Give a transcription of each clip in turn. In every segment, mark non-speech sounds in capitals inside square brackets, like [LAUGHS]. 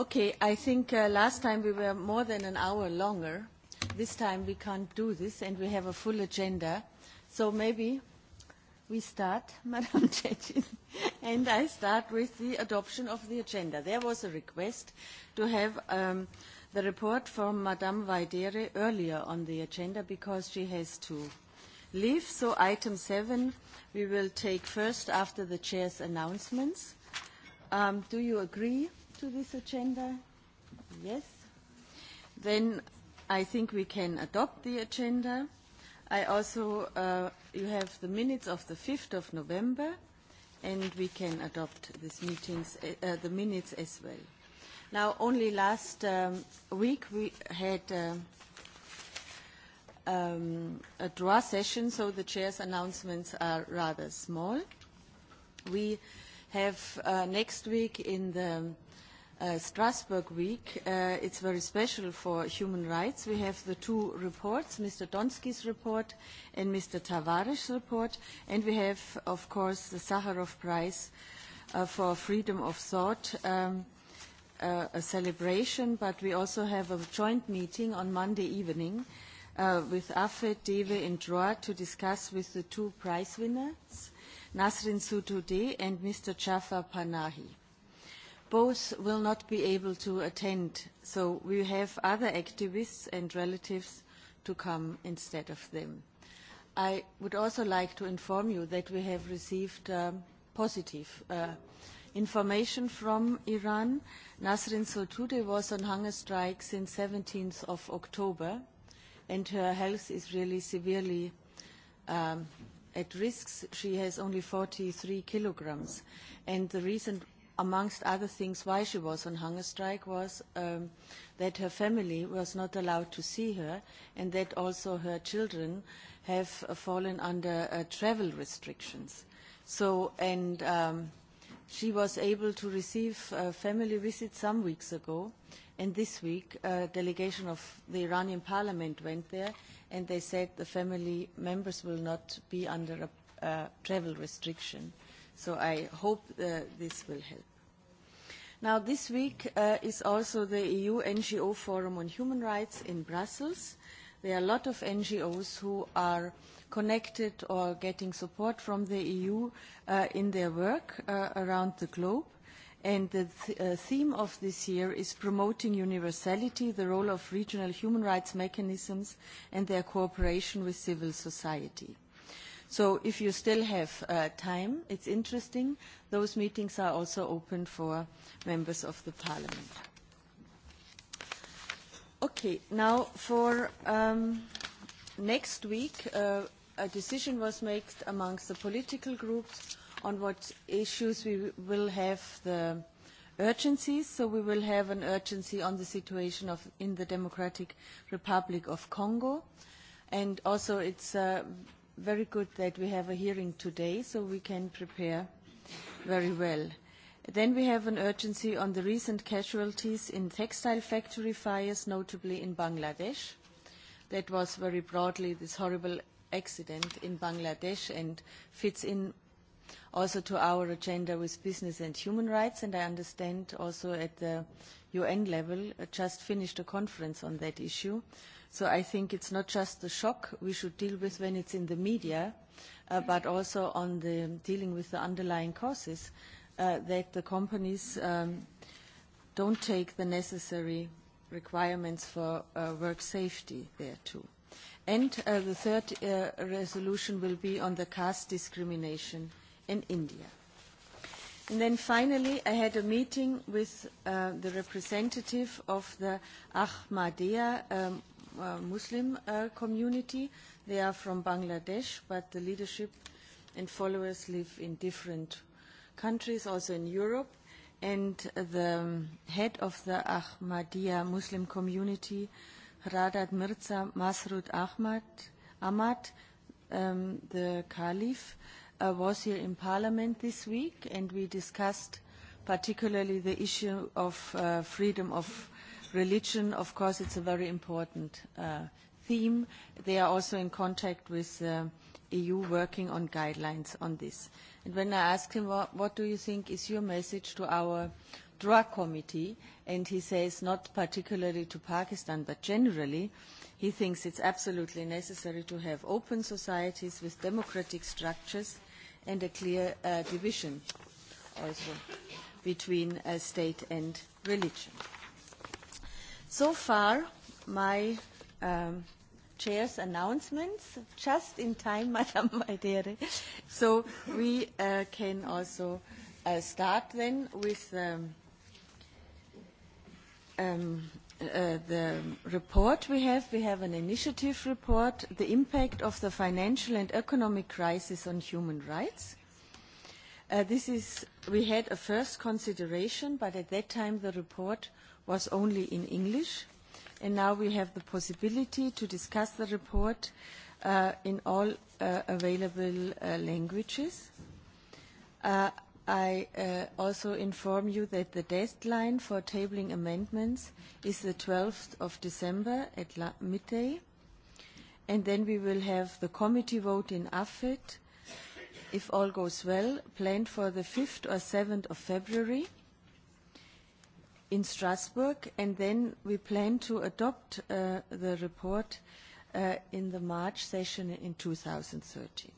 Okay, I think uh, last time we were more than an hour longer. This time we can't do this, and we have a full agenda. So maybe we start, [LAUGHS] Madam Chechin, and I start with the adoption of the agenda. There was a request to have um, the report from Madame Vaidere earlier on the agenda because she has to leave. So item seven we will take first after the chair's announcements. Um, do you agree? to this agenda? Yes. Then I think we can adopt the agenda. I also, uh, you have the minutes of the 5th of November, and we can adopt these meetings, uh, uh, the minutes as well. Now, only last um, week we had uh, um, a draw session, so the chair's announcements are rather small. We have uh, next week in the Uh, Strasbourg Week. Uh, it's very special for human rights. We have the two reports, Mr. Donsky's report and Mr. Tavares' report, and we have, of course, the Sakharov Prize uh, for freedom of thought, um, uh, a celebration, but we also have a joint meeting on Monday evening uh, with AFED, DEWE and DROA to discuss with the two prize winners, Nasrin Sotoudeh and Mr. Jafar Panahi both will not be able to attend, so we have other activists and relatives to come instead of them. I would also like to inform you that we have received um, positive uh, information from Iran. Nasrin Sotoudeh was on hunger strike since 17th of October, and her health is really severely um, at risk. She has only 43 kilograms, and the reason amongst other things, why she was on hunger strike was um, that her family was not allowed to see her and that also her children have uh, fallen under uh, travel restrictions. So, and um, she was able to receive a uh, family visit some weeks ago, and this week a uh, delegation of the Iranian parliament went there, and they said the family members will not be under a uh, travel restriction. Uh, So I hope uh, this will help. Now, this week uh, is also the EU NGO Forum on Human Rights in Brussels. There are a lot of NGOs who are connected or getting support from the EU uh, in their work uh, around the globe. And the th uh, theme of this year is promoting universality, the role of regional human rights mechanisms, and their cooperation with civil society. Uh, So if you still have uh, time, it's interesting. Those meetings are also open for members of the parliament. Okay, now for um, next week, uh, a decision was made amongst the political groups on what issues we will have the urgencies. So we will have an urgency on the situation of, in the Democratic Republic of Congo. And also it's uh, very good that we have a hearing today so we can prepare very well. Then we have an urgency on the recent casualties in textile factory fires, notably in Bangladesh. That was very broadly this horrible accident in Bangladesh and fits in also to our agenda with business and human rights. And I understand also at the UN level uh, just finished a conference on that issue. Uh, So I think it's not just the shock we should deal with when it's in the media, uh, but also on the dealing with the underlying causes uh, that the companies um, don't take the necessary requirements for uh, work safety there too. And uh, the third uh, resolution will be on the caste discrimination in India. And then finally, I had a meeting with uh, the representative of the Ahmadiyya um, uh, Muslim uh, community. They are from Bangladesh, but the leadership and followers live in different countries, also in Europe. And the um, head of the Ahmadiyya Muslim community, Radat Mirza Masrud Ahmad, Ahmad um, the Caliph, uh, was here in Parliament this week, and we discussed particularly the issue of uh, freedom of religion, of course, it's a very important uh, theme. They are also in contact with uh, EU working on guidelines on this. And when I asked him, what, what do you think is your message to our drug committee? And he says, not particularly to Pakistan, but generally, he thinks it's absolutely necessary to have open societies with democratic structures and a clear uh, division also between uh, state and religion. Uh, So far, my um, chair's announcements, just in time, [LAUGHS] Madame Maidere. So we uh, can also uh, start then with um, um, uh, the report we have. We have an initiative report, The Impact of the Financial and Economic Crisis on Human Rights. Uh, this is, we had a first consideration, but at that time the report was only in English. And now we have the possibility to discuss the report uh, in all uh, available uh, languages. Uh, I uh, also inform you that the deadline for tabling amendments is the 12th of December at la midday. And then we will have the committee vote in AFET, if all goes well, planned for the 5th or 7th of February in Strasbourg, and then we plan to adopt uh, the report uh, in the March session in 2013.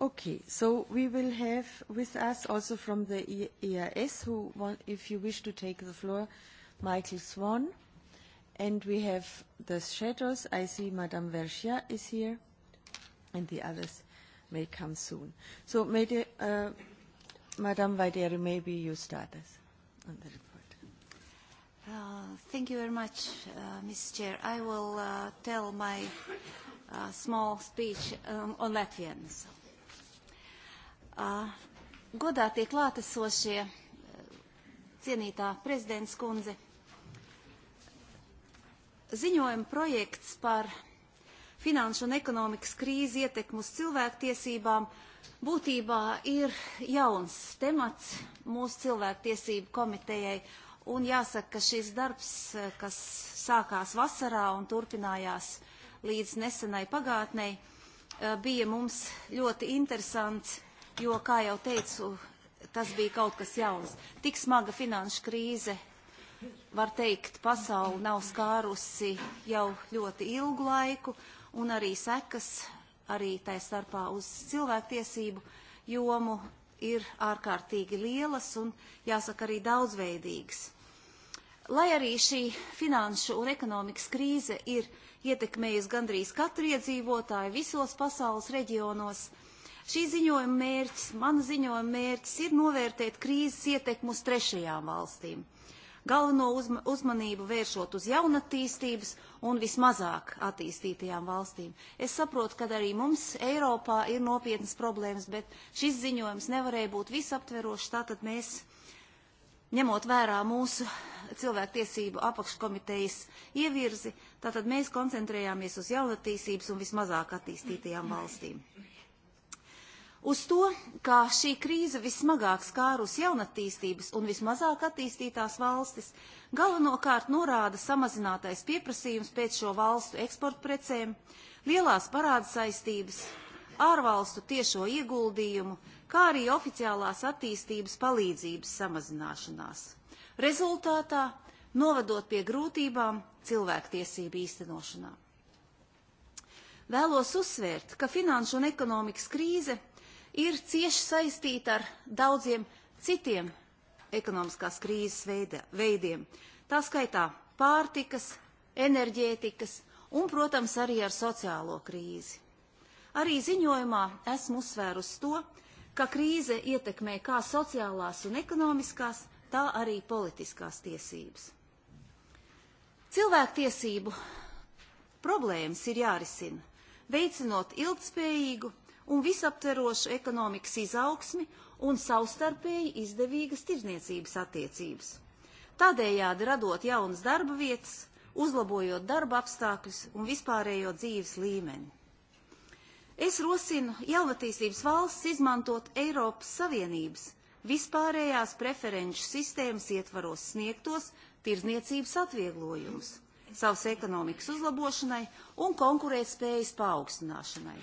Okay, so we will have with us also from the EIS, e who want, if you wish to take the floor, Michael Swan. And we have the shadows. I see Madame Vergia is here, and the others may come soon. So, maybe, uh, Madame Vaideri, maybe you start us on the report. Uh, thank you very much, uh, Mrs. Chair. I will uh, tell my uh, small speech um, on Latvian. So. Uh, godātie klātesošie, uh, cienītā prezidents kundze, ziņojuma projekts par finanšu un ekonomikas krīzi ietekmu uz cilvēktiesībām uh, būtībā ir jauns temats mūsu cilvēktiesību komitejai, un jāsaka, ka šis darbs, kas sākās vasarā un turpinājās līdz nesenai pagātnei, eh, bija mums ļoti interesants, jo, kā jau teicu, tas bija kaut kas jauns. Tik smaga finanšu krīze, var teikt, pasauli nav skārusi jau ļoti ilgu laiku, un arī sekas arī tā starpā uz cilvēktiesību jomu ir ārkārtīgi lielas un, jāsaka, arī daudzveidīgas. Lai arī šī finanšu un ekonomikas krīze ir ietekmējusi gandrīz katru iedzīvotāju visos pasaules reģionos, šī ziņojuma mērķis, mana ziņojuma mērķis ir novērtēt krīzes ietekmu uz trešajām valstīm galveno uzma, uzmanību vēršot uz jaunatīstības un vismazāk attīstītajām valstīm. Es saprotu, ka arī mums Eiropā ir nopietnas problēmas, bet šis ziņojums nevarēja būt visaptverošs, tātad mēs ņemot vērā mūsu cilvēktiesību apakškomitejas ievirzi, tātad mēs koncentrējāmies uz jaunatīstības un vismazāk attīstītajām valstīm. Uz to, kā šī krīze vismagāk skārus jaunatīstības un vismazāk attīstītās valstis, galvenokārt norāda samazinātais pieprasījums pēc šo valstu eksporta precēm, lielās parāda saistības, ārvalstu tiešo ieguldījumu, kā arī oficiālās attīstības palīdzības samazināšanās. Rezultātā novedot pie grūtībām cilvēktiesību īstenošanā. Vēlos uzsvērt, ka finanšu un ekonomikas krīze – ir cieši saistīta ar daudziem citiem ekonomiskās krīzes veida, veidiem. Tā skaitā pārtikas, enerģētikas un, protams, arī ar sociālo krīzi. Arī ziņojumā esmu uzsvērusi to, ka krīze ietekmē kā sociālās un ekonomiskās, tā arī politiskās tiesības. Cilvēktiesību problēmas ir jārisina, veicinot ilgspējīgu un visaptverošu ekonomikas izaugsmi un savstarpēji izdevīgas tirzniecības attiecības. Tādējādi radot jaunas darba vietas, uzlabojot darba apstākļus un vispārējo dzīves līmeni. Es rosinu jaunatīstības valsts izmantot Eiropas Savienības vispārējās preferenču sistēmas ietvaros sniegtos tirzniecības atvieglojumus savas ekonomikas uzlabošanai un konkurētspējas paaugstināšanai.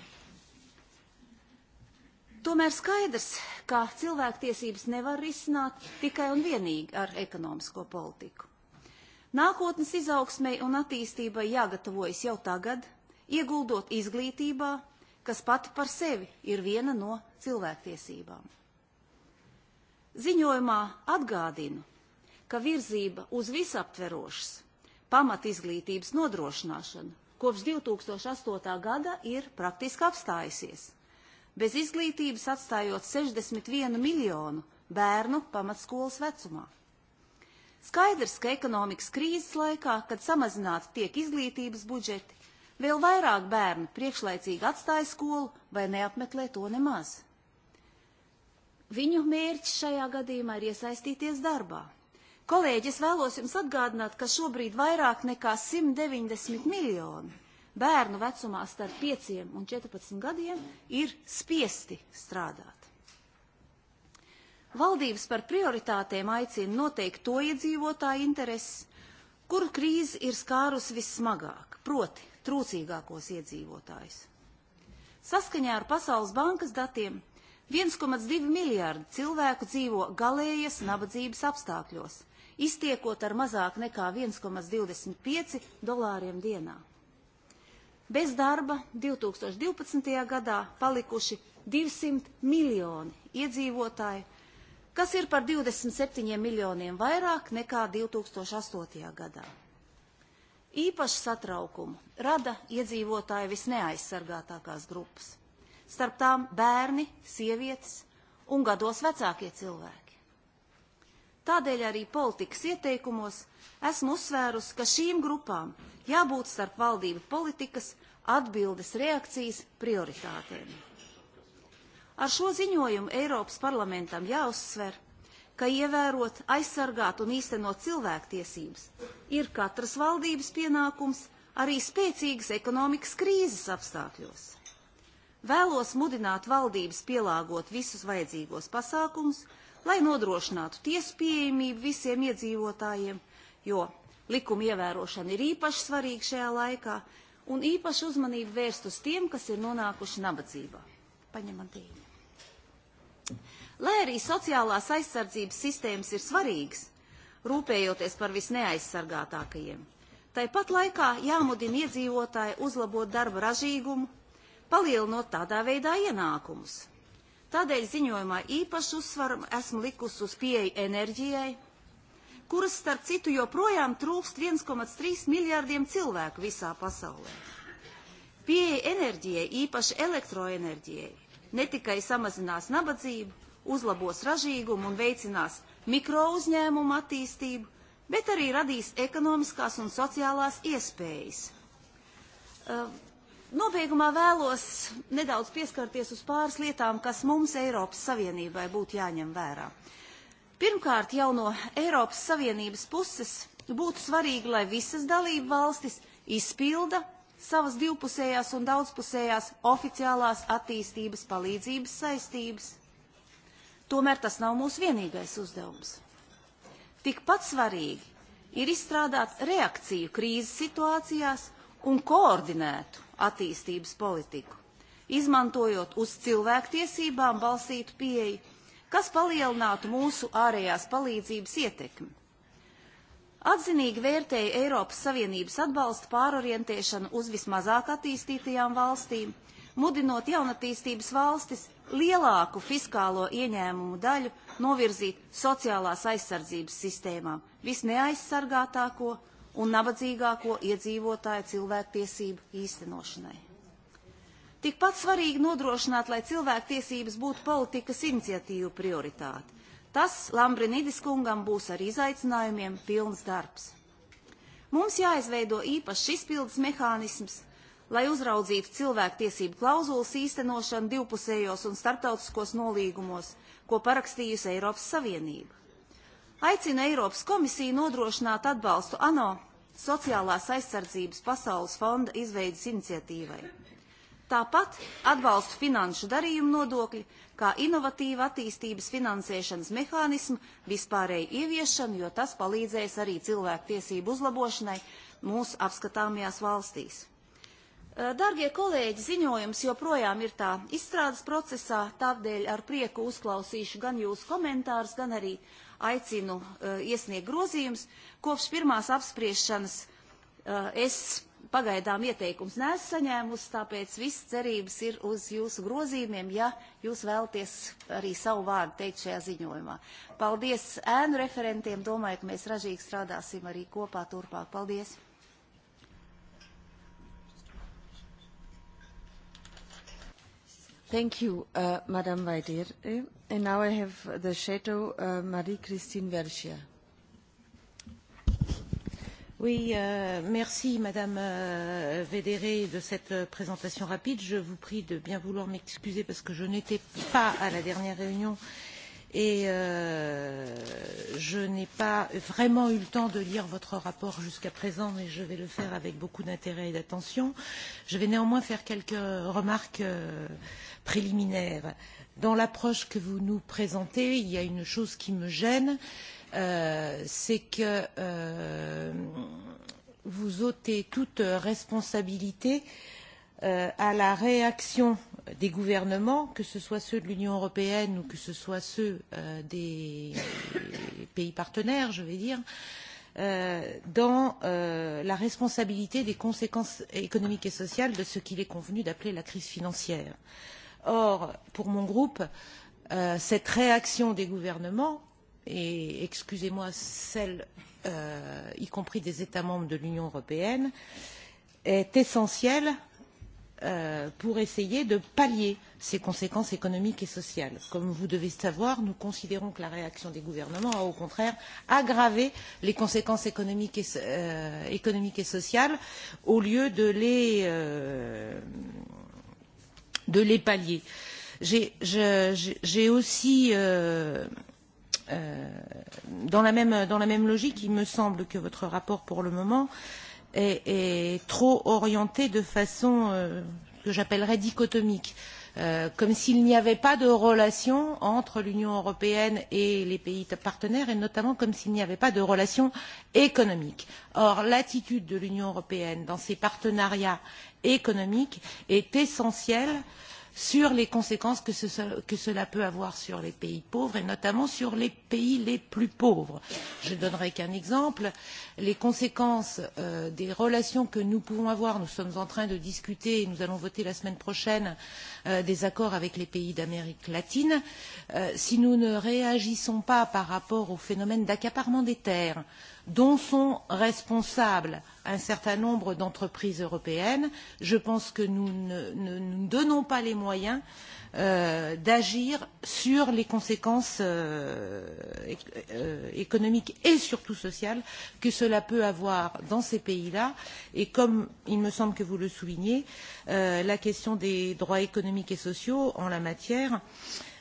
Tomēr skaidrs, ka cilvēktiesības nevar risināt tikai un vienīgi ar ekonomisko politiku. Nākotnes izaugsmei un attīstībai jāgatavojas jau tagad, ieguldot izglītībā, kas pati par sevi ir viena no cilvēktiesībām. Ziņojumā atgādinu, ka virzība uz visaptverošas pamat izglītības nodrošināšanu kopš 2008. gada ir praktiski apstājusies – bez izglītības atstājot 61 miljonu bērnu pamatskolas vecumā. Skaidrs, ka ekonomikas krīzes laikā, kad samazināti tiek izglītības budžeti, vēl vairāk bērnu priekšlaicīgi atstāja skolu vai neapmeklē to nemaz. Viņu mērķis šajā gadījumā ir iesaistīties darbā. Kolēģi, es vēlos jums atgādināt, ka šobrīd vairāk nekā 190 miljoni bērnu vecumā starp 5 un 14 gadiem ir spiesti strādāt. Valdības par prioritātēm aicina noteikt to iedzīvotāju intereses, kuru krīze ir skārusi vissmagāk, proti trūcīgākos iedzīvotājus. Saskaņā ar Pasaules bankas datiem 1,2 miljārdi cilvēku dzīvo galējas nabadzības apstākļos, iztiekot ar mazāk nekā 1,25 dolāriem dienā bez darba 2012. gadā palikuši 200 miljoni iedzīvotāji, kas ir par 27 miljoniem vairāk nekā 2008. gadā. Īpašu satraukumu rada iedzīvotāju visneaizsargātākās grupas, starp tām bērni, sievietes un gados vecākie cilvēki. Tādēļ arī politikas ieteikumos esmu uzsvērus, ka šīm grupām jābūt starp valdību politikas atbildes reakcijas prioritātēm. Ar šo ziņojumu Eiropas parlamentam jāuzsver, ka ievērot, aizsargāt un īstenot cilvēktiesības ir katras valdības pienākums arī spēcīgas ekonomikas krīzes apstākļos. Vēlos mudināt valdības pielāgot visus vajadzīgos pasākumus, lai nodrošinātu tiesu pieejamību visiem iedzīvotājiem, jo likuma ievērošana ir īpaši svarīga šajā laikā un īpaši uzmanību vērst uz tiem, kas ir nonākuši nabadzībā. Paņemam tīņu. Lai arī sociālās aizsardzības sistēmas ir svarīgas, rūpējoties par visneaizsargātākajiem, Tāpat laikā jāmudina iedzīvotāji uzlabot darba ražīgumu, palielinot tādā veidā ienākumus. Tādēļ ziņojumā īpašu uzsvaru esmu likusi uz pieeju enerģijai, kuras starp citu joprojām trūkst 1,3 miljārdiem cilvēku visā pasaulē. Pieeja enerģijai, īpaši elektroenerģijai, ne tikai samazinās nabadzību, uzlabos ražīgumu un veicinās mikrouzņēmumu attīstību, bet arī radīs ekonomiskās un sociālās iespējas. Uh, Nobeigumā vēlos nedaudz pieskarties uz pāris lietām, kas mums Eiropas Savienībai būtu jāņem vērā. Pirmkārt, jau no Eiropas Savienības puses būtu svarīgi, lai visas dalību valstis izpilda savas divpusējās un daudzpusējās oficiālās attīstības palīdzības saistības. Tomēr tas nav mūsu vienīgais uzdevums. Tikpat svarīgi ir izstrādāt reakciju krīzes situācijās un koordinētu attīstības politiku, izmantojot uz cilvēktiesībām balstītu pieeju, kas palielinātu mūsu ārējās palīdzības ietekmi. Atzinīgi vērtēja Eiropas Savienības atbalsta pārorientēšanu uz vismazāk attīstītajām valstīm, mudinot jaunatīstības valstis lielāku fiskālo ieņēmumu daļu novirzīt sociālās aizsardzības sistēmām, visneaizsargātāko un nabadzīgāko iedzīvotāju cilvēktiesību īstenošanai. Tikpat svarīgi nodrošināt, lai cilvēktiesības būtu politikas iniciatīvu prioritāte. Tas Lambrinidis kungam būs ar izaicinājumiem pilns darbs. Mums jāizveido īpašs izpildes mehānisms, lai uzraudzītu cilvēktiesību klauzulas īstenošanu divpusējos un starptautiskos nolīgumos, ko parakstījusi Eiropas Savienība aicina Eiropas komisiju nodrošināt atbalstu ANO sociālās aizsardzības pasaules fonda izveidas iniciatīvai. Tāpat atbalstu finanšu darījumu nodokļi, kā inovatīva attīstības finansēšanas mehānismu vispārēju ieviešanu, jo tas palīdzēs arī cilvēku tiesību uzlabošanai mūsu apskatāmajās valstīs. Dargie kolēģi, ziņojums joprojām ir tā izstrādes procesā, tādēļ ar prieku uzklausīšu gan jūsu komentārus, gan arī aicinu e, iesniegt grozījumus. Kopš pirmās apspriešanas e, es pagaidām ieteikums neesmu saņēmusi, tāpēc viss cerības ir uz jūsu grozījumiem, ja jūs vēlaties arī savu vārdu teikt šajā ziņojumā. Paldies ēnu referentiem, domāju, ka mēs ražīgi strādāsim arī kopā turpāk. Paldies! Thank you, uh, Madam Vaidir. E, And now I have the shadow, uh, Marie-Christine Vergia. Oui, euh, merci Madame euh, Védéré de cette euh, présentation rapide. Je vous prie de bien vouloir m'excuser parce que je n'étais pas à la dernière réunion euh, et euh, je n'ai pas vraiment eu le temps de lire votre rapport jusqu'à présent, mais je vais le faire avec beaucoup d'intérêt et d'attention. Je vais néanmoins faire quelques remarques euh, préliminaires. Dans l'approche que vous nous présentez, il y a une chose qui me gêne, euh, c'est que euh, vous ôtez toute responsabilité euh, euh, à la réaction des gouvernements, que ce soit ceux de l'Union européenne ou que ce soit ceux euh, des [COUGHS] pays partenaires, je vais dire, euh, dans euh, la responsabilité des conséquences économiques et sociales de ce qu'il est convenu d'appeler la crise financière. Or, pour mon groupe, euh, cette réaction des gouvernements et excusez moi celle euh, y compris des États membres de l'Union européenne est essentielle euh, euh, pour essayer de pallier ces conséquences économiques et sociales. Comme vous devez le savoir, nous considérons que la réaction des gouvernements a au contraire aggravé les conséquences économiques et, euh, économiques et sociales au lieu de les, euh, de les pallier. J'ai aussi euh, euh, dans, la même, dans la même logique, il me semble que votre rapport pour le moment euh, est, est trop orientée de façon euh, que j'appellerais dichotomique, euh, comme s'il n'y avait pas de relation entre l'Union européenne et les pays partenaires, et notamment comme s'il n'y avait pas de relation économique. Or, l'attitude de l'Union européenne dans ses partenariats économiques est essentielle euh, sur les conséquences que, ce, que cela peut avoir sur les pays pauvres et notamment sur les pays les plus pauvres. Je ne donnerai qu'un exemple. Les conséquences euh, des relations que nous pouvons avoir, nous sommes en train de discuter et nous allons voter la semaine prochaine euh, des accords avec les pays d'Amérique latine. Euh, si nous ne réagissons pas par rapport au phénomène d'accaparement des terres, dont sont responsables un certain nombre d'entreprises européennes. Je pense que nous ne, ne nous donnons pas les moyens euh, d'agir sur les conséquences euh, euh, économiques et surtout sociales que cela peut avoir dans ces pays-là. Et comme il me semble que vous le soulignez, euh, la question des droits économiques et sociaux en la matière euh,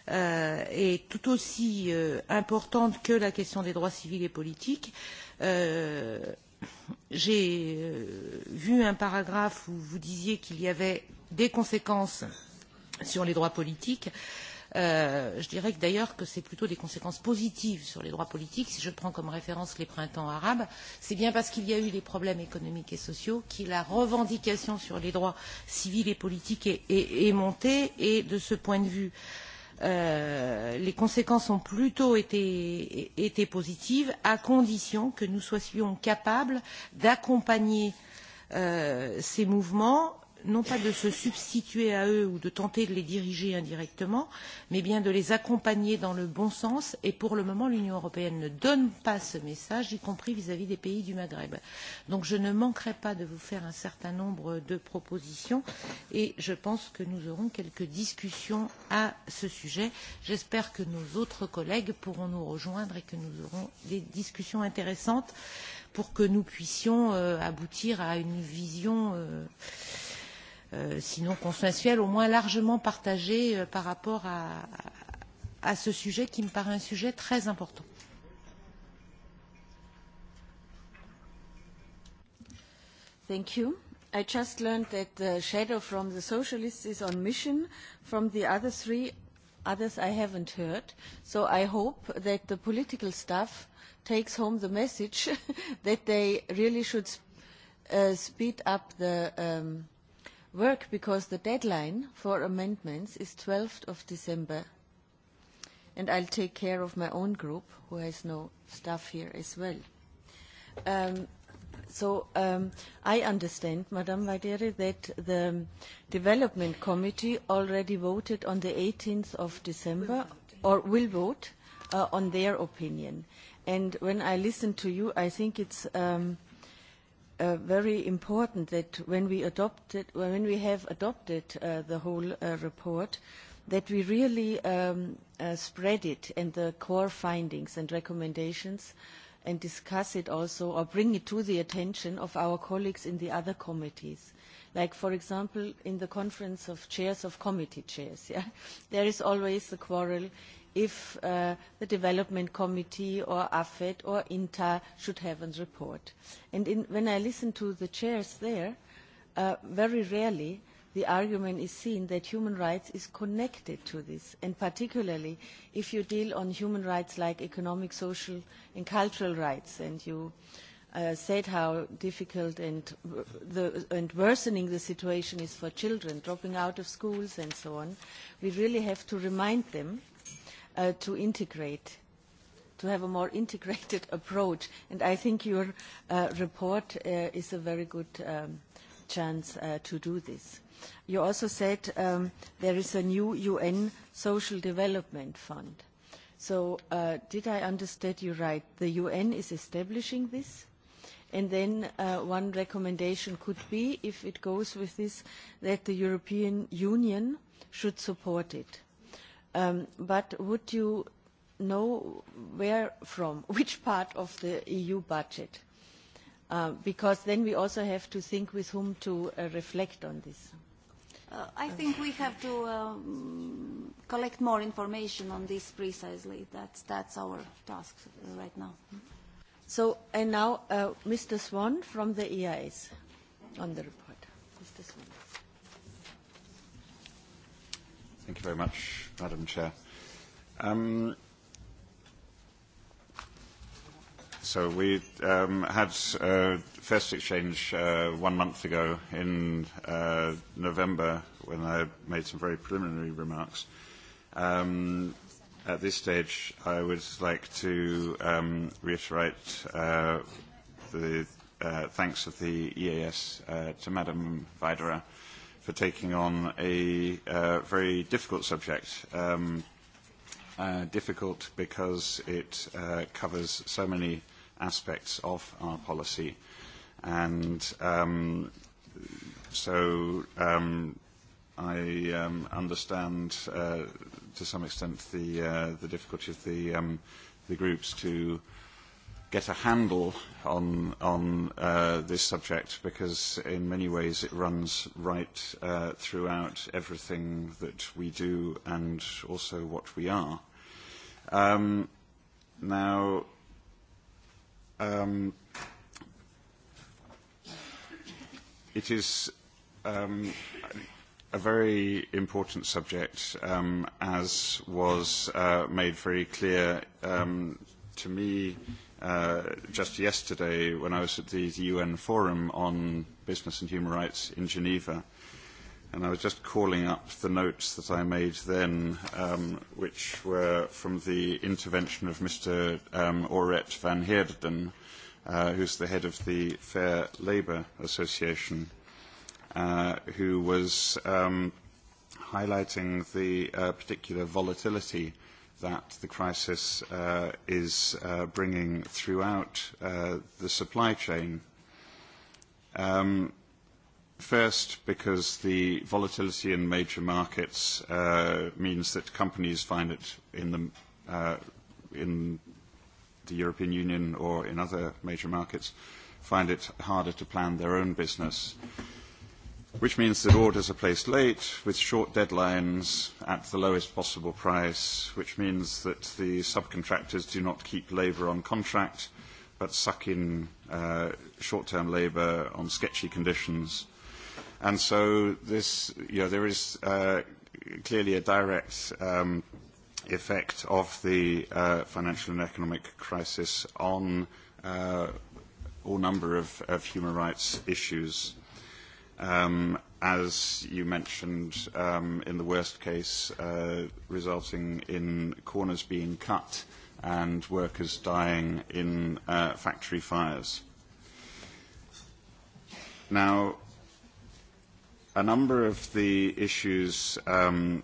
euh, est tout aussi euh, importante que la question des droits civils et politiques euh, j'ai euh, vu un paragraphe où vous disiez qu'il y avait des conséquences sur les droits politiques. Euh, je dirais d'ailleurs que c'est plutôt des conséquences positives sur les droits politiques. Si je prends comme référence les printemps arabes, c'est bien parce qu'il y a eu des problèmes économiques et sociaux que la revendication sur les droits civils et politiques est, est, est montée. Et de ce point de vue, euh, euh, les conséquences ont plutôt été, été positives, à condition que nous soyons capables d'accompagner euh, ces mouvements non pas de se substituer à eux ou de tenter de les diriger indirectement, mais bien de les accompagner dans le bon sens. Et pour le moment, l'Union européenne ne donne pas ce message, y compris vis-à-vis -vis des pays du Maghreb. Donc je ne manquerai pas de vous faire un certain nombre de propositions et je pense que nous aurons quelques discussions à ce sujet. J'espère que nos autres collègues pourront nous rejoindre et que nous aurons des discussions intéressantes pour que nous puissions euh, aboutir à une vision euh, Euh, sinon consensuel, au moins largement partagé euh, par rapport à, à ce sujet qui me paraît un sujet très important. Thank you. I just learned that the uh, shadow from the socialists is on mission. From the other three, others I haven't heard. So I hope that the political staff takes home the message [LAUGHS] that they really should sp uh, speed up the um, – work because the deadline for amendments is 12th of December. And I'll take care of my own group, who has no staff here as well. Um, so um, I understand, Madame Vaidere, that the Development Committee already voted on the 18th of December, will or will vote, uh, on their opinion. And when I listen to you, I think it's... Um, uh, very important that when we adopted, when we have adopted uh, the whole uh, report, that we really um, uh, spread it and the core findings and recommendations and discuss it also or bring it to the attention of our colleagues in the other committees. Like, for example, in the conference of chairs of committee chairs, [LAUGHS] yeah? there is always a quarrel if uh, the Development Committee or AFED or INTA should have a report. And in, when I listen to the chairs there, uh, very rarely the argument is seen that human rights is connected to this, and particularly if you deal on human rights like economic, social and cultural rights, and you uh, said how difficult and, the, and worsening the situation is for children, dropping out of schools and so on, we really have to remind them uh, to integrate, to have a more [LAUGHS] integrated approach. And I think your uh, report uh, is a very good um, chance uh, to do this. You also said um, there is a new UN Social Development Fund. So uh, did I understand you right? The UN is establishing this? And then uh, one recommendation could be, if it goes with this, that the European Union should support it. Um, but would you know where from, [LAUGHS] which part of the EU budget? Uh, because then we also have to think with whom to uh, reflect on this. Uh, I think we have to um, collect more information on this precisely. That's, that's our task right now. So, and now uh, Mr. Swan from the EIS on the report. Thank you very much, Madam Chair. Um, so we um, had uh, first exchange uh, one month ago in uh, November when I made some very preliminary remarks. Um, at this stage, I would like to um, reiterate uh, the uh, thanks of the EAS uh, to Madam Videra for taking on a uh, very difficult subject. Um, uh, difficult because it uh, covers so many aspects of our policy. And um, so um, I um, understand uh, to some extent the, uh, the difficulty of the, um, the groups to uh, get a handle on, on uh, this subject because in many ways it runs right uh, throughout everything that we do and also what we are. Um, now, um, it is um, a very important subject, um, as was uh, made very clear um, to me uh, just yesterday when I was at the, the UN Forum on Business and Human Rights in Geneva. And I was just calling up the notes that I made then, um, which were from the intervention of Mr. Um, Oret van Heerden, uh, who's the head of the Fair Labour Association, uh, who was um, highlighting the uh, particular volatility uh, that the crisis uh, is uh, bringing throughout uh, the supply chain. Um, first, because the volatility in major markets uh, means that companies find it in the, uh, in the European Union or in other major markets find it harder to plan their own business. Mm-hmm which means that orders are placed late with short deadlines at the lowest possible price, which means that the subcontractors do not keep labour on contract but suck in uh, short-term labour on sketchy conditions. And so this, you know, there is uh, clearly a direct um, effect of the uh, financial and economic crisis on uh, all number of, of human rights issues um, as you mentioned, um, in the worst case, uh, resulting in corners being cut and workers dying in uh, factory fires. Now, a number of the issues um,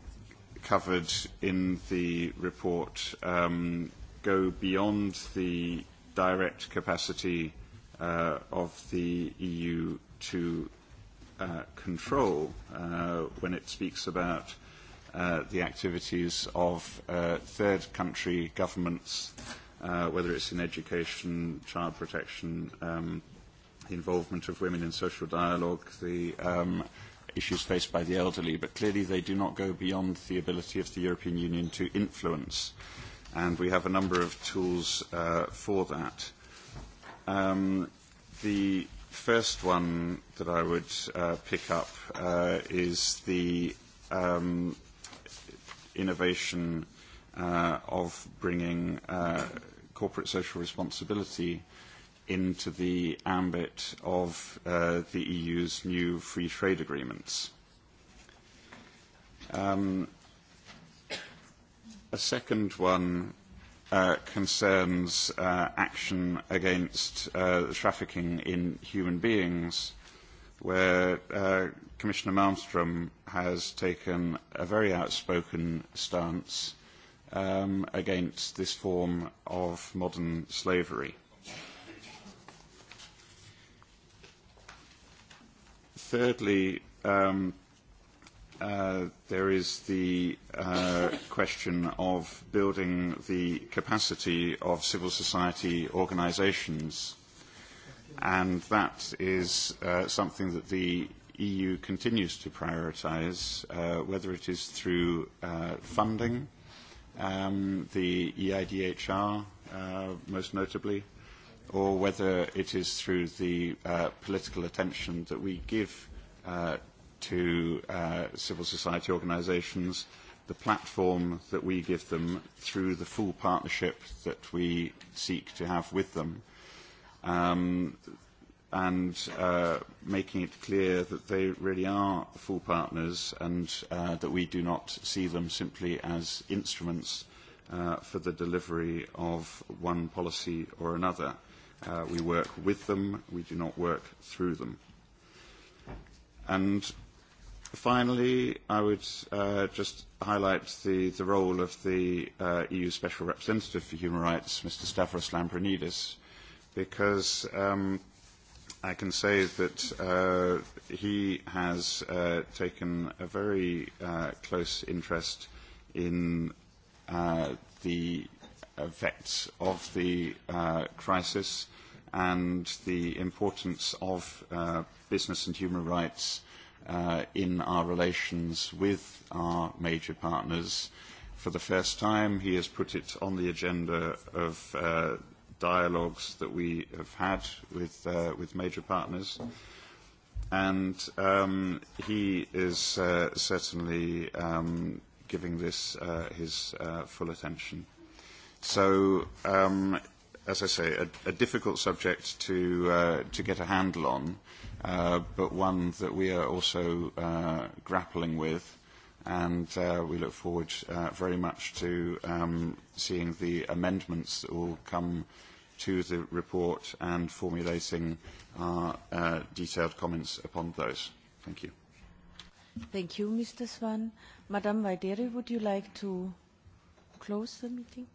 covered in the report um, go beyond the direct capacity uh, of the EU to uh, control uh, when it speaks about uh, the activities of uh, third country governments, uh, whether it's in education, child protection, um, the involvement of women in social dialogue, the um, issues faced by the elderly, but clearly they do not go beyond the ability of the European Union to influence. And we have a number of tools uh, for that. Um, the first one that I would uh, pick up uh, is the um, innovation uh, of bringing uh, corporate social responsibility into the ambit of uh, the EU's new free trade agreements. Um, a second one uh, concerns uh, action against uh, trafficking in human beings, where uh, Commissioner Malmstrom has taken a very outspoken stance um, against this form of modern slavery. Thirdly, um, Uh, there is the uh, question of building the capacity of civil society organizations. And that is uh, something that the EU continues to prioritize, uh, whether it is through uh, funding, um, the EIDHR uh, most notably, or whether it is through the uh, political attention that we give uh, to uh, civil society organisations, the platform that we give them through the full partnership that we seek to have with them, um, and uh, making it clear that they really are full partners and uh, that we do not see them simply as instruments uh, for the delivery of one policy or another. Uh, we work with them, we do not work through them. And Finally, I would uh, just highlight the, the role of the uh, EU Special Representative for Human Rights, Mr. Stavros Lambrinidis, because um, I can say that uh, he has uh, taken a very uh, close interest in uh, the effects of the uh, crisis and the importance of uh, business and human rights uh, uh, in our relations with our major partners. For the first time, he has put it on the agenda of uh, dialogues that we have had with, uh, with major partners. And um, he is uh, certainly um, giving this uh, his uh, full attention. So, um, as I say, a, a difficult subject to, uh, to get a handle on, uh, but one that we are also uh, grappling with. And uh, we look forward uh, very much to um, seeing the amendments that will come to the report and formulating our uh, detailed comments upon those. Thank you. Thank you, Mr. Swan. Madam Vaidere, would you like to close the meeting?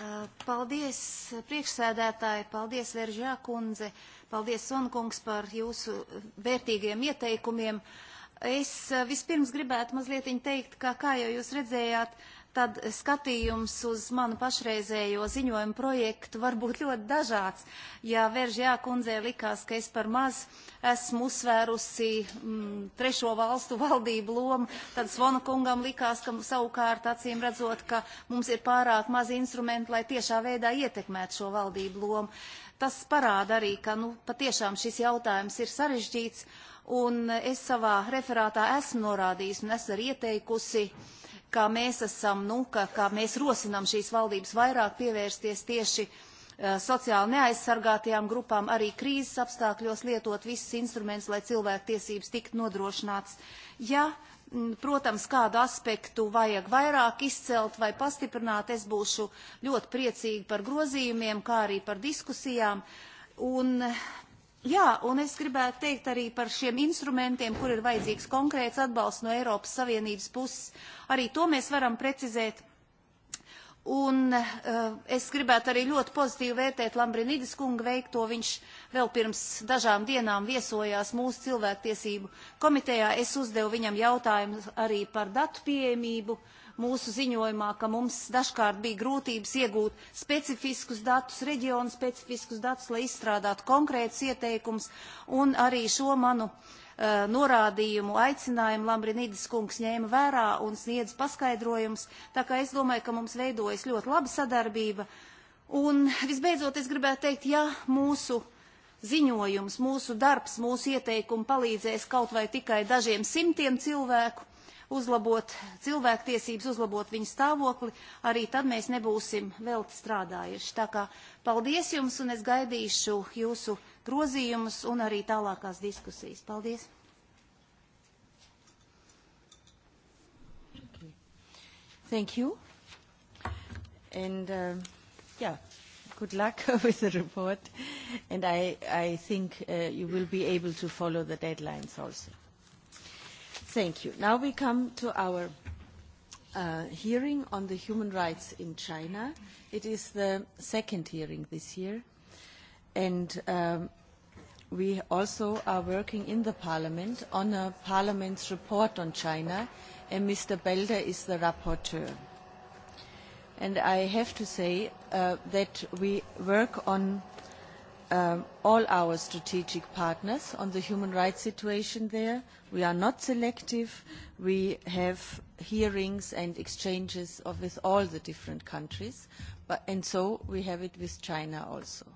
Uh, paldies, priekšsēdētāji, paldies, Veržā kundze, paldies, Sonkungs, par jūsu vērtīgiem ieteikumiem. Es uh, vispirms gribētu mazliet teikt, ka, kā jau jūs redzējāt, uh, tad skatījums uz manu pašreizējo ziņojumu projektu var būt ļoti dažāds. Ja Veržjā kundzei likās, ka es par maz esmu uzsvērusi mm, trešo valstu [LAUGHS] valdību lomu, tad Svona kungam likās, ka savukārt acīm redzot, ka mums ir pārāk maz instrumentu, lai tiešā veidā ietekmētu šo valdību lomu. Tas parāda arī, ka nu, patiešām šis jautājums ir sarežģīts, un es savā referātā esmu norādījusi un esmu arī ieteikusi uh, kā mēs esam, nu, kā, kā mēs rosinam šīs valdības vairāk pievērsties tieši uh, sociāli neaizsargātajām grupām, arī krīzes apstākļos lietot visus instrumentus, lai cilvēku tiesības tiktu nodrošināts. Ja protams, kādu aspektu vajag vairāk izcelt vai pastiprināt, es būšu ļoti priecīgi par grozījumiem, kā arī par diskusijām. Un Jā, un es gribētu teikt arī par šiem instrumentiem, kur ir vajadzīgs konkrēts atbalsts no Eiropas Savienības puses. Arī to mēs varam precizēt. Un uh, es gribētu arī ļoti pozitīvi vērtēt Lambrinidis kunga veikto. Viņš vēl pirms dažām dienām viesojās mūsu cilvēktiesību komitejā. Es uzdevu viņam jautājumu arī par datu pieejamību uh, mūsu ziņojumā, ka mums dažkārt bija grūtības iegūt specifiskus datus, reģionu specifiskus datus, lai izstrādātu konkrētus ieteikumus, un arī šo manu uh, norādījumu, aicinājumu Lambrinidis kungs ņēma vērā un sniedz paskaidrojumus, tā kā es domāju, ka mums veidojas ļoti laba sadarbība. Un visbeidzot, es gribētu teikt, ja mūsu ziņojums, mūsu darbs, mūsu ieteikumi palīdzēs kaut vai tikai dažiem simtiem cilvēku, uzlabot cilvēktiesības, uzlabot viņu stāvokli, arī tad mēs nebūsim vēl strādājuši. Tā kā paldies jums un es gaidīšu jūsu grozījumus un arī tālākās diskusijas. Paldies! Thank you. And uh, yeah, good luck [LAUGHS] with the report. And I, I think uh, you will be able to follow the deadlines also. Thank you. Now we come to our uh, hearing on the human rights in China. It is the second hearing this year, and um, we also are working in the Parliament on a Parliament's report on China, and Mr. Belder is the rapporteur. And I have to say uh, that we work on um, all our strategic partners on the human rights situation there. We are not selective. We have hearings and exchanges of, with all the different countries, but, and so we have it with China also.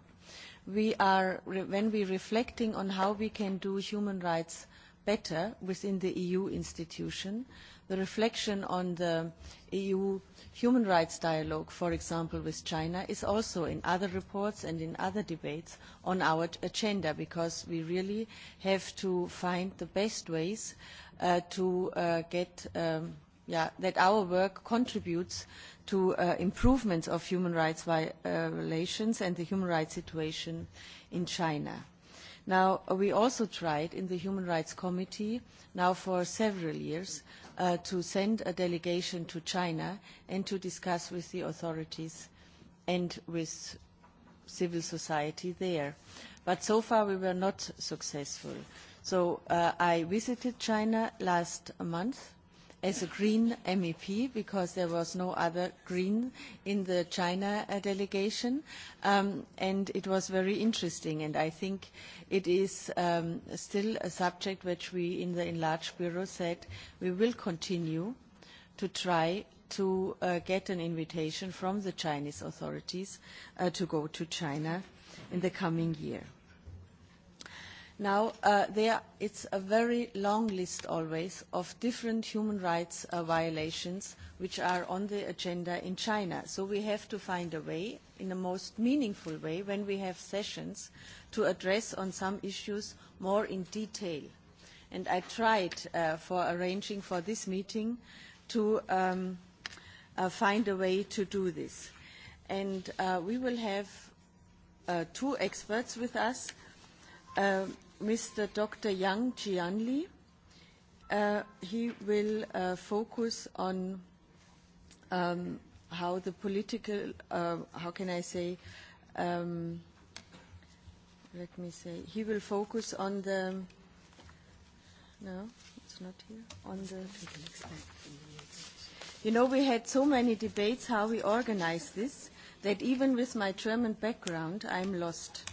We are, when we're reflecting on how we can do human rights better within the EU institution, uh, the reflection on the EU human rights dialogue, for example, with China, is also in other reports and in other debates on our agenda because we really have to find the best ways uh, to uh, get um, yeah, that our work contributes to uh, improvements of human rights vi uh, relations and the human rights situation in China. Now, we also tried in the Human Rights Committee now for several years uh, to send a delegation to China and to discuss with the authorities and with civil society there. But so far we were not successful. So uh, I visited China last month as a green MEP because there was no other green in the China uh, delegation. Um, and it was very interesting. And I think it is um, still a subject which we in the enlarged bureau said we will continue to try to uh, get an invitation from the Chinese authorities uh, to go to China in the coming year. Now, uh, there it's a very long list always of different human rights uh, violations which are on the agenda in China. So we have to find a way, in the most meaningful way, when we have sessions, to address on some issues more in detail. And I tried uh, for arranging for this meeting to um, uh, find a way to do this. And uh, we will have uh, two experts with us. Um, Mr. Dr. Yang Jianli. Uh, he will uh, focus on um, how the political, uh, how can I say, um, let me say, he will focus on the, no, it's not here, on the, you know, we had so many debates how we organize this that even with my German background, I'm lost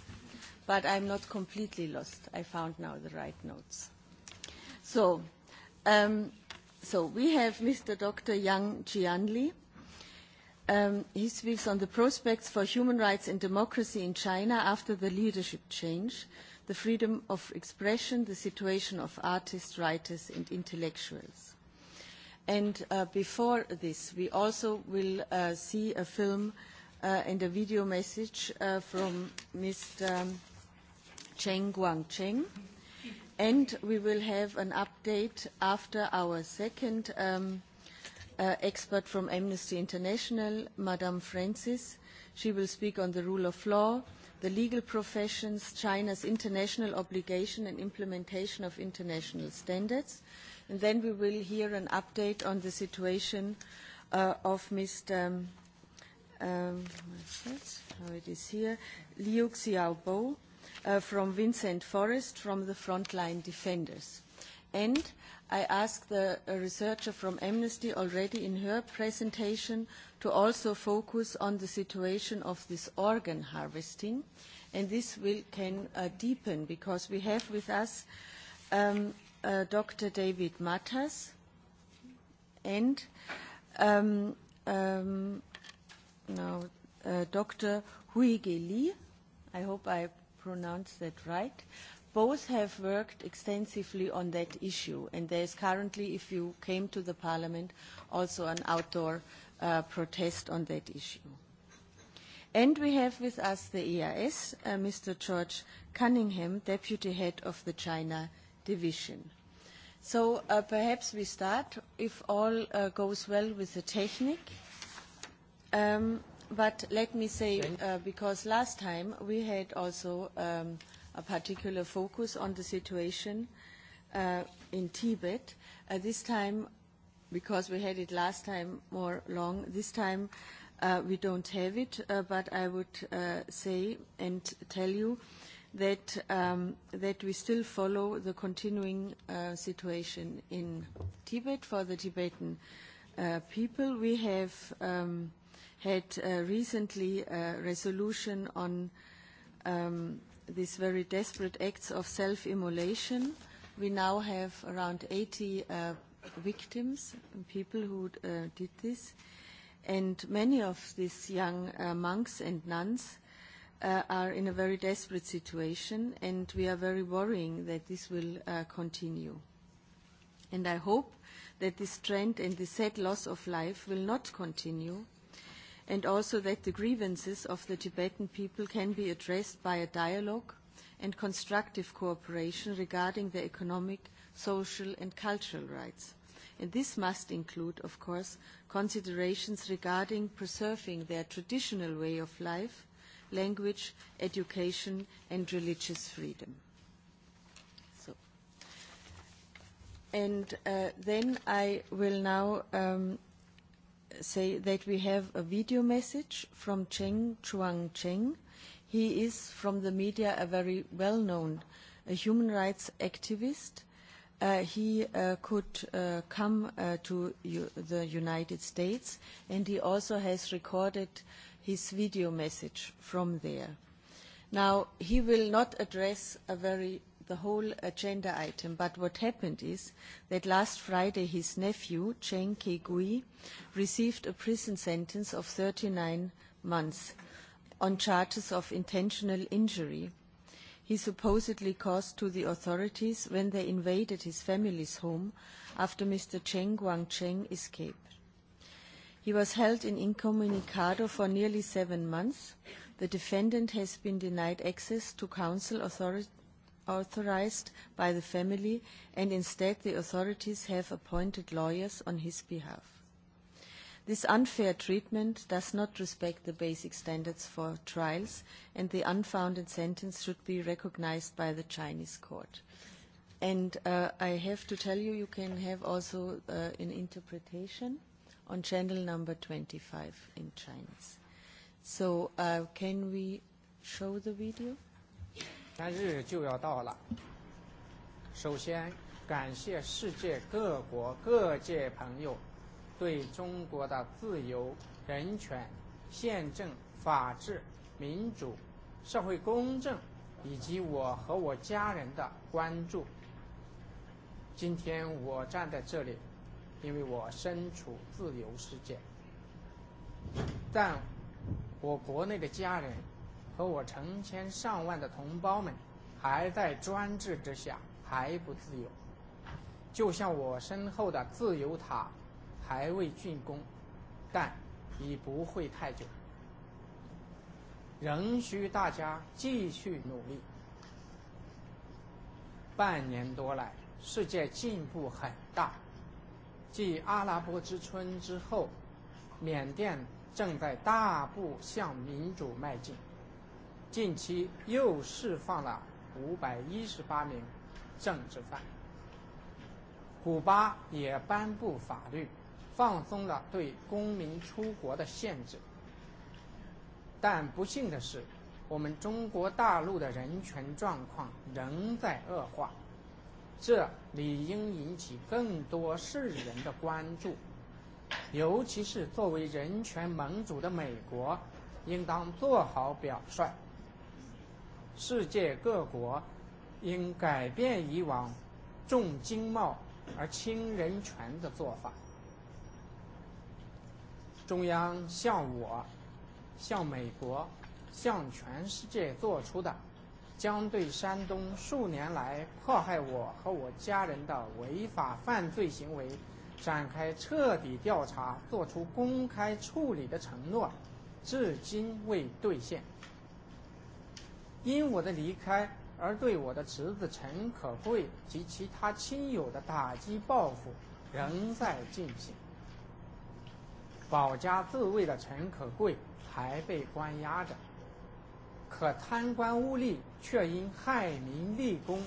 but I'm not completely lost. I found now the right notes. So, um, so we have Mr. Dr. Yang Jianli. Um, he speaks on the prospects for human rights and democracy in China after the leadership change, the freedom of expression, the situation of artists, writers, and intellectuals. And uh, before this, we also will uh, see a film uh, and a video message uh, from Mr. Um, Cheng Guangcheng. And we will have an update after our second um, uh, expert from Amnesty International, Madame Francis. She will speak on the rule of law, the legal professions, China's international obligation and implementation of international standards. And then we will hear an update on the situation uh, of Mr. Um, um, how it is here, Liu Xiaobo, uh, from Vincent Forrest from the Frontline Defenders. And I asked the researcher from Amnesty already in her presentation to also focus on the situation of this organ harvesting. And this will, can uh, deepen because we have with us um, uh, Dr. David Matas and um, um, now, uh, Dr. Huige Li. I hope I pronounce that right. Both have worked extensively on that issue, and there is currently, if you came to the Parliament, also an outdoor uh, protest on that issue. And we have with us the EIS, uh, Mr. George Cunningham, Deputy Head of the China Division. So uh, perhaps we start, if all uh, goes well with the technique. Um, But let me say, uh, because last time we had also um, a particular focus on the situation uh, in Tibet. Uh, this time, because we had it last time more long, this time uh, we don't have it, uh, but I would uh, say and tell you that, um, that we still follow the continuing uh, situation in Tibet for the Tibetan uh, people. We have... Um, had uh, recently a resolution on um, these very desperate acts of self-immolation. We now have around 80 uh, victims, people who uh, did this, and many of these young uh, monks and nuns uh, are in a very desperate situation, and we are very worrying that this will uh, continue. And I hope that this trend and the sad loss of life will not continue, and also that the grievances of the Tibetan people can be addressed by a dialogue and constructive cooperation regarding their economic, social and cultural rights. And this must include, of course, considerations regarding preserving their traditional way of life, language, education and religious freedom. And uh, then I will now um, say that we have a video message from Cheng Chuang Cheng. He is, from the media, a very well-known uh, human rights activist. Uh, he uh, could uh, come uh, to U the United States, and he also has recorded his video message from there. Now, he will not address a very the whole agenda item, but what happened is that last Friday his nephew, Cheng Kegui, received a prison sentence of 39 months on charges of intentional injury he supposedly caused to the authorities when they invaded his family's home after Mr. Cheng Guangcheng escaped. He was held in incommunicado for nearly seven months. The defendant has been denied access to counsel, authori- authorized by the family, and instead the authorities have appointed lawyers on his behalf. This unfair treatment does not respect the basic standards for trials, and the unfounded sentence should be recognized by the Chinese court. And uh, I have to tell you, you can have also uh, an interpretation on channel number 25 in Chinese. So uh, can we show the video? 安日就要到了，首先感谢世界各国各界朋友对中国的自由、人权、宪政、法治、民主、社会公正以及我和我家人的关注。今天我站在这里，因为我身处自由世界，但我国内的家人。和我成千上万的同胞们还在专制之下，还不自由。就像我身后的自由塔还未竣工，但已不会太久。仍需大家继续努力。半年多来，世界进步很大。继阿拉伯之春之后，缅甸正在大步向民主迈进。近期又释放了五百一十八名政治犯。古巴也颁布法律，放松了对公民出国的限制。但不幸的是，我们中国大陆的人权状况仍在恶化，这理应引起更多世人的关注，尤其是作为人权盟主的美国，应当做好表率。世界各国应改变以往重经贸而轻人权的做法。中央向我、向美国、向全世界做出的，将对山东数年来迫害我和我家人的违法犯罪行为展开彻底调查，作出公开处理的承诺，至今未兑现。因我的离开而对我的侄子陈可贵及其他亲友的打击报复仍在进行。保家自卫的陈可贵还被关押着，可贪官污吏却因害民立功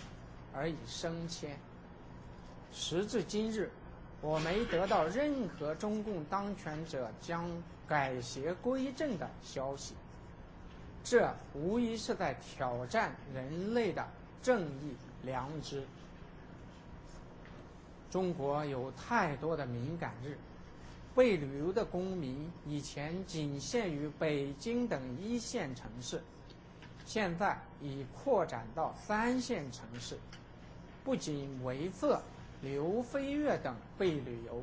而已升迁。时至今日，我没得到任何中共当权者将改邪归正的消息。这无疑是在挑战人类的正义良知。中国有太多的敏感日，被旅游的公民以前仅限于北京等一线城市，现在已扩展到三线城市，不仅维策、刘飞跃等被旅游，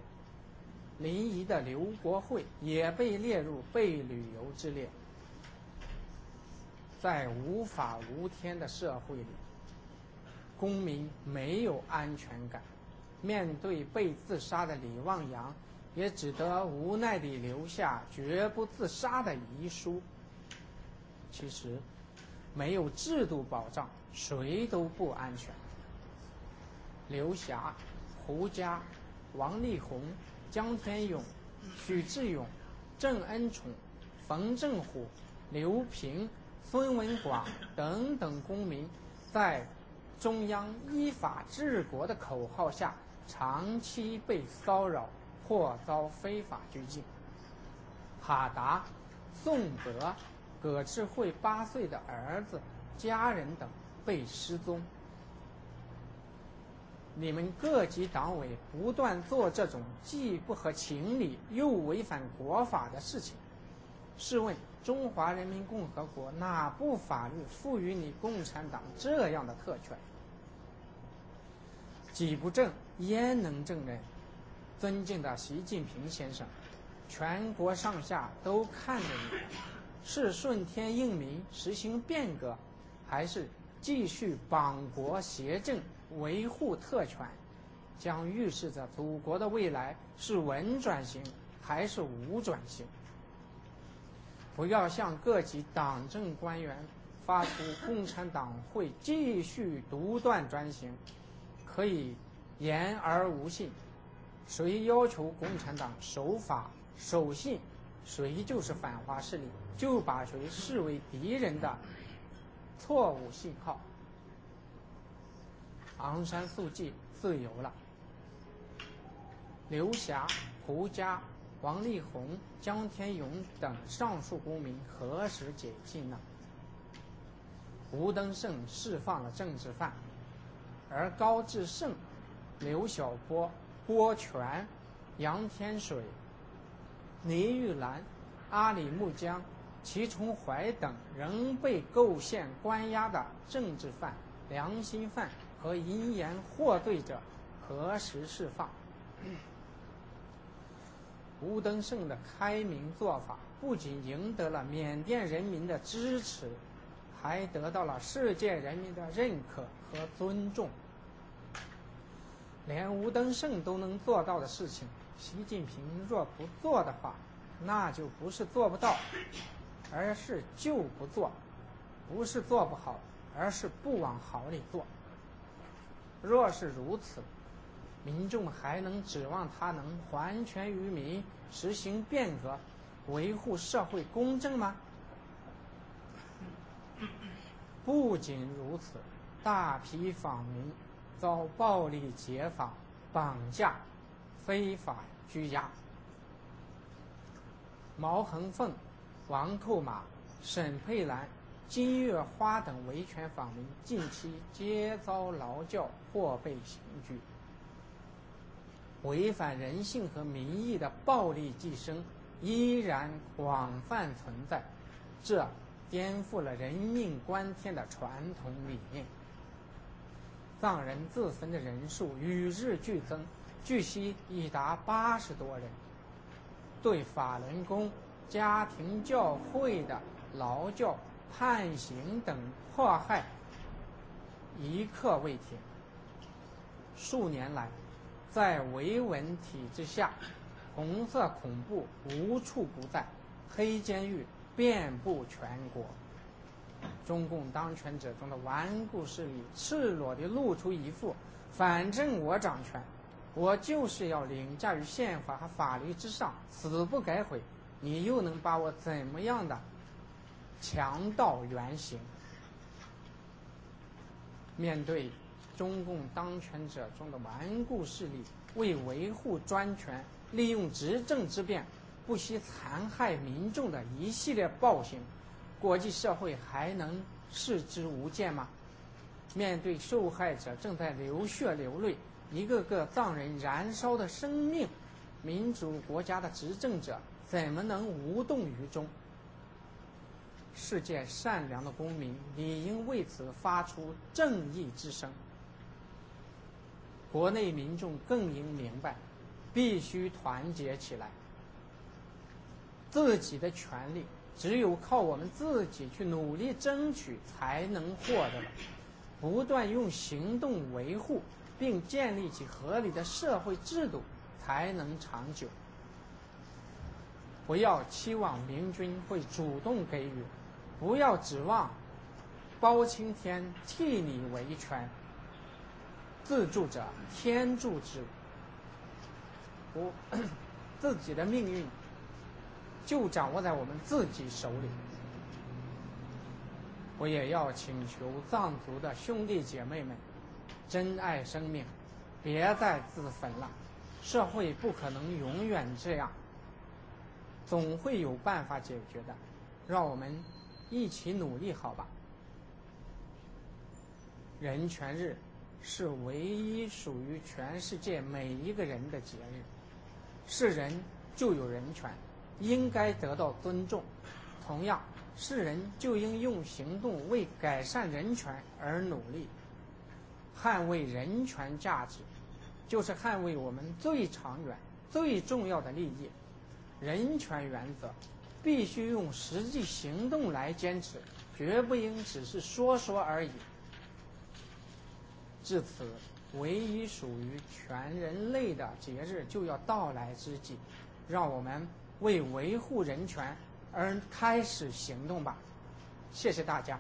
临沂的刘国会也被列入被旅游之列。在无法无天的社会里，公民没有安全感，面对被自杀的李望洋，也只得无奈地留下“绝不自杀”的遗书。其实，没有制度保障，谁都不安全。刘霞、胡佳、王力宏、江天勇、许志勇、郑恩宠、冯正虎、刘平、孙文广等等公民，在中央依法治国的口号下，长期被骚扰或遭非法拘禁。哈达、宋哲、葛智慧八岁的儿子、家人等被失踪。你们各级党委不断做这种既不合情理又违反国法的事情，试问中华人民共和国哪部法律赋予你共产党这样的特权？己不正，焉能正人？尊敬的习近平先生，全国上下都看着你，是顺天应民实行变革，还是继续绑国挟政维护特权？将预示着祖国的未来是稳转型还是无转型。不要向各级党政官员发出共产党会继续独断专行，可以言而无信。谁要求共产党守法守信，谁就是反华势力，就把谁视为敌人的错误信号。昂山素季自由了，刘霞、胡佳王力宏、江天勇等上述公民何时解禁呢？吴登盛释放了政治犯，而高志胜、刘晓波、郭全、杨天水、林玉兰、阿里木江、齐崇怀等仍被构陷关押的政治犯、良心犯和淫言获罪者何时释放？吴登盛的开明做法不仅赢得了缅甸人民的支持，还得到了世界人民的认可和尊重。连吴登盛都能做到的事情，习近平若不做的话，那就不是做不到，而是就不做；不是做不好，而是不往好里做。若是如此，民众还能指望他能还权于民、实行变革、维护社会公正吗？不仅如此，大批访民遭暴力解访、绑架、非法拘押。毛恒凤、王扣马、沈佩兰、金月花等维权访民近期皆遭劳教或被刑拘。违反人性和民意的暴力寄生依然广泛存在，这颠覆了人命关天的传统理念。藏人自焚的人数与日俱增，据悉已达八十多人。对法轮功、家庭教会的劳教、判刑等迫害一刻未停。数年来。在维稳体制下，红色恐怖无处不在，黑监狱遍布全国。中共当权者中的顽固势力赤裸地露出一副反正我掌权，我就是要凌驾于宪法和法律之上，死不改悔，你又能把我怎么样的强盗原型？面对中共当权者中的顽固势力为维护专权，利用执政之便，不惜残害民众的一系列暴行，国际社会还能视之无见吗？面对受害者正在流血流泪，一个个藏人燃烧的生命，民主国家的执政者怎么能无动于衷？世界善良的公民理应为此发出正义之声。国内民众更应明白，必须团结起来。自己的权利只有靠我们自己去努力争取才能获得的，不断用行动维护，并建立起合理的社会制度，才能长久。不要期望明君会主动给予，不要指望包青天替你维权。自助者天助之。我自己的命运就掌握在我们自己手里。我也要请求藏族的兄弟姐妹们，珍爱生命，别再自焚了。社会不可能永远这样，总会有办法解决的。让我们一起努力，好吧？人权日。[COUGHS] 是唯一属于全世界每一个人的节日，是人就有人权，应该得到尊重。同样，是人就应用行动为改善人权而努力，捍卫人权价值，就是捍卫我们最长远、最重要的利益。人权原则必须用实际行动来坚持，绝不应只是说说而已。至此，唯一属于全人类的节日就要到来之际，让我们为维护人权而开始行动吧！谢谢大家。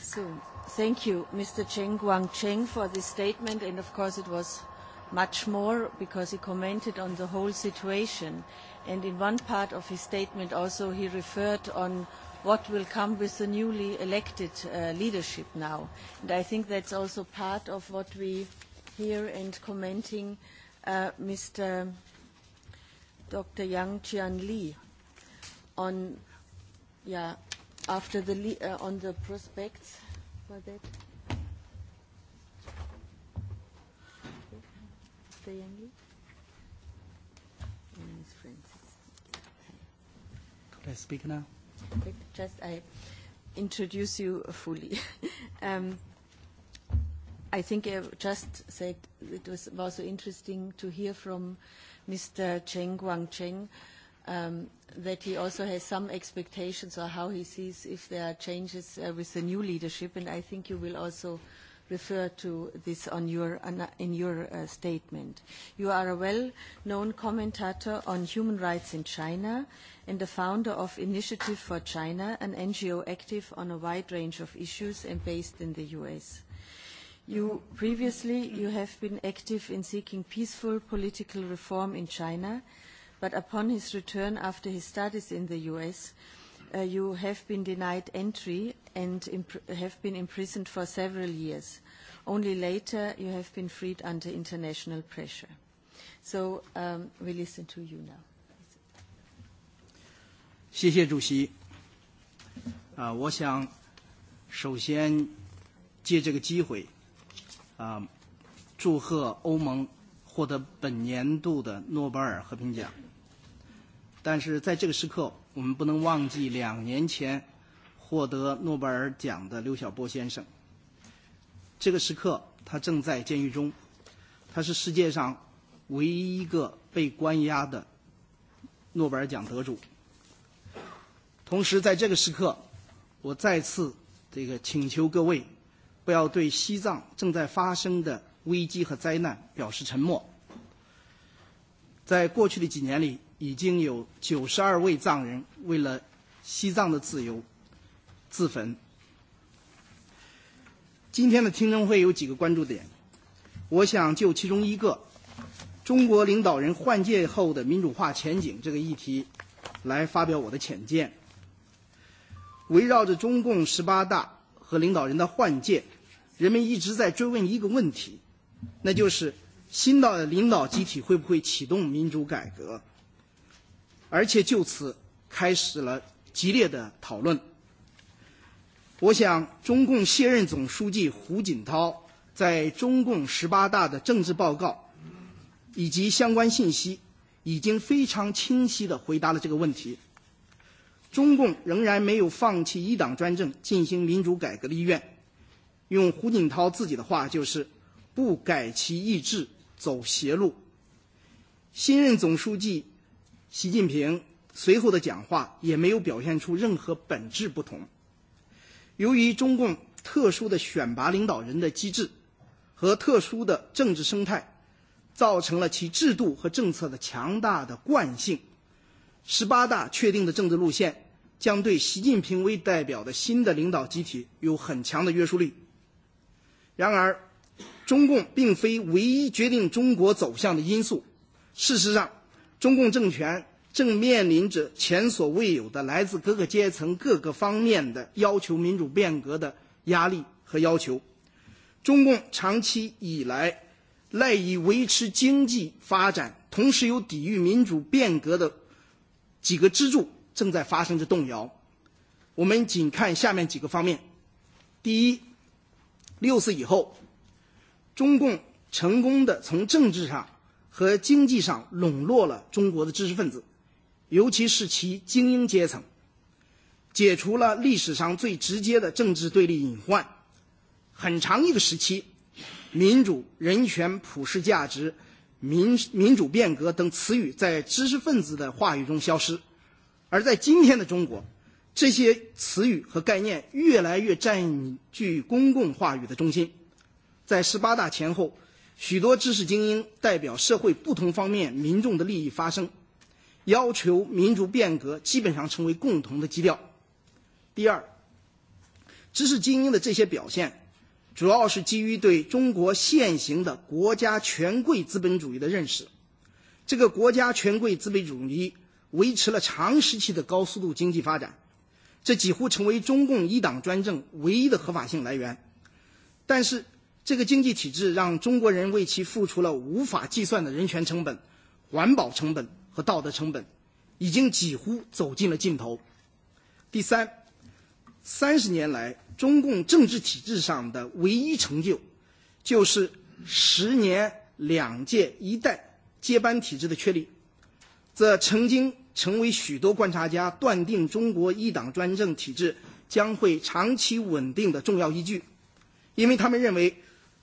soon. Thank you, Mr. Cheng Guangcheng, for this statement, and of course it was much more because he commented on the whole situation. And in one part of his statement also he referred on what will come with the newly elected uh, leadership now. And I think that's also part of what we hear and commenting uh, Mr. Dr. Yang Qian Li on, yeah, after the, uh, on the prospects Badet Tayangi and his friends. Could I speak now? Perfect. Just I introduce you fully. [LAUGHS] um, I think I just said it was also interesting to hear from Mr. Cheng Guangcheng. Cheng um, that he also has some expectations or how he sees if there are changes uh, with the new leadership, and I think you will also refer to this on your, in your uh, statement. You are a well-known commentator on human rights in China and the founder of Initiative for China, an NGO active on a wide range of issues and based in the U.S. You previously you have been active in seeking peaceful political reform in China, uh, but upon his return after his studies in the US, uh, you have been denied entry and imp- have been imprisoned for several years. Only later you have been freed under international pressure. So um, we listen to you now. 谢谢主席。啊，我想首先借这个机会，啊，祝贺欧盟获得本年度的诺贝尔和平奖。但是在这个时刻，我们不能忘记两年前获得诺贝尔奖的刘晓波先生。这个时刻，他正在监狱中，他是世界上唯一一个被关押的诺贝尔奖得主。同时，在这个时刻，我再次这个请求各位，不要对西藏正在发生的危机和灾难表示沉默。在过去的几年里，已经有九十二位藏人为了西藏的自由自焚。今天的听证会有几个关注点，我想就其中一个中国领导人换届后的民主化前景这个议题来发表我的浅见。围绕着中共十八大和领导人的换届，人们一直在追问一个问题，那就是新的领导集体会不会启动民主改革？而且就此开始了激烈的讨论。我想，中共卸任总书记胡锦涛在中共十八大的政治报告以及相关信息，已经非常清晰地回答了这个问题。中共仍然没有放弃一党专政、进行民主改革的意愿。用胡锦涛自己的话就是：“不改其意志，走邪路。”新任总书记习近平随后的讲话也没有表现出任何本质不同。由于中共特殊的选拔领导人的机制和特殊的政治生态，造成了其制度和政策的强大的惯性。十八大确定的政治路线将对习近平为代表的新的领导集体有很强的约束力。然而，中共并非唯一决定中国走向的因素。事实上，中共政权正面临着前所未有的来自各个阶层、各个方面的要求民主变革的压力和要求。中共长期以来赖以维持经济发展，同时又抵御民主变革的几个支柱正在发生着动摇。我们仅看下面几个方面：第一，六四以后，中共成功的从政治上和经济上笼络了中国的知识分子，尤其是其精英阶层，解除了历史上最直接的政治对立隐患。很长一个时期，民主、人权、普世价值、民民主变革等词语在知识分子的话语中消失，而在今天的中国，这些词语和概念越来越占据公共话语的中心。在十八大前后，许多知识精英代表社会不同方面民众的利益发声，要求民族变革基本上成为共同的基调。第二，知识精英的这些表现，主要是基于对中国现行的国家权贵资本主义的认识。这个国家权贵资本主义维持了长时期的高速度经济发展，这几乎成为中共一党专政唯一的合法性来源。但是，这个经济体制让中国人为其付出了无法计算的人权成本、环保成本和道德成本，已经几乎走进了尽头。第三，三十年来，中共政治体制上的唯一成就，就是十年两届一代接班体制的确立，这曾经成为许多观察家断定中国一党专政体制将会长期稳定的重要依据，因为他们认为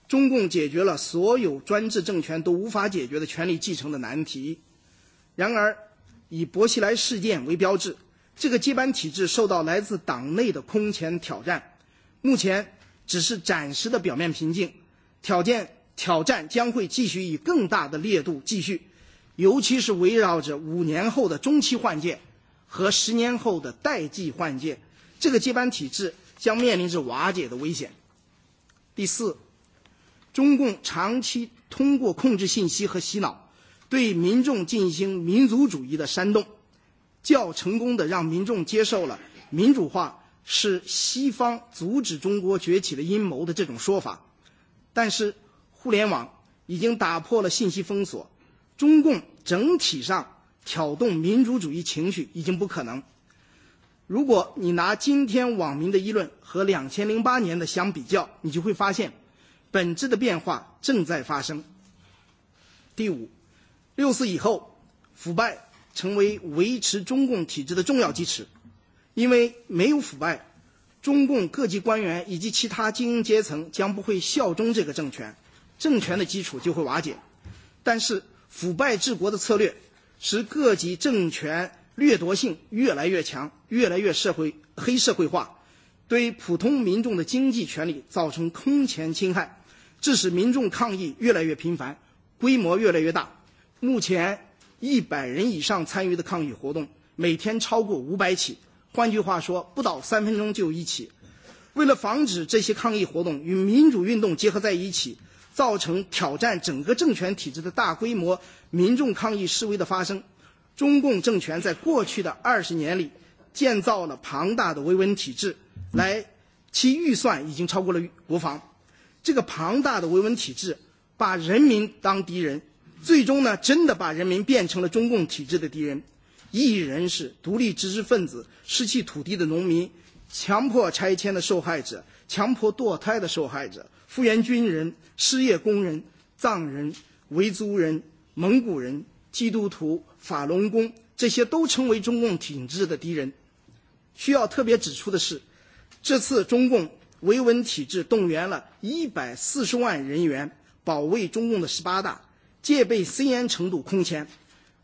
中共解决了所有专制政权都无法解决的权力继承的难题。然而，以薄熙来事件为标志，这个接班体制受到来自党内的空前挑战，目前只是暂时的表面平静，挑战挑战将会继续以更大的烈度继续，尤其是围绕着五年后的中期换届和十年后的代际换届，这个接班体制将面临着瓦解的危险。第四，中共长期通过控制信息和洗脑，对民众进行民族主义的煽动，较成功的让民众接受了民主化是西方阻止中国崛起的阴谋的这种说法。但是，互联网已经打破了信息封锁，中共整体上挑动民族主义情绪已经不可能。如果你拿今天网民的议论和2008年的相比较，你就会发现。本质的变化正在发生。第五，六四以后，腐败成为维持中共体制的重要基石，因为没有腐败，中共各级官员以及其他精英阶层将不会效忠这个政权，政权的基础就会瓦解。但是，腐败治国的策略使各级政权掠夺性越来越强，越来越社会黑社会化，对普通民众的经济权利造成空前侵害，致使民众抗议越来越频繁，规模越来越大。目前，一百人以上参与的抗议活动每天超过五百起，换句话说，不到三分钟就有一起。为了防止这些抗议活动与民主运动结合在一起，造成挑战整个政权体制的大规模民众抗议示威的发生，中共政权在过去的二十年里建造了庞大的维稳体制，来其预算已经超过了国防。这个庞大的维稳体制把人民当敌人，最终呢，真的把人民变成了中共体制的敌人。异议人士、独立知识分子、失去土地的农民、强迫拆迁的受害者、强迫堕胎的受害者、复员军人、失业工人、藏人、维族人、蒙古人、基督徒、法轮功，这些都成为中共体制的敌人。需要特别指出的是，这次中共维稳体制动员了一百四十万人员保卫中共的十八大，戒备森严程度空前。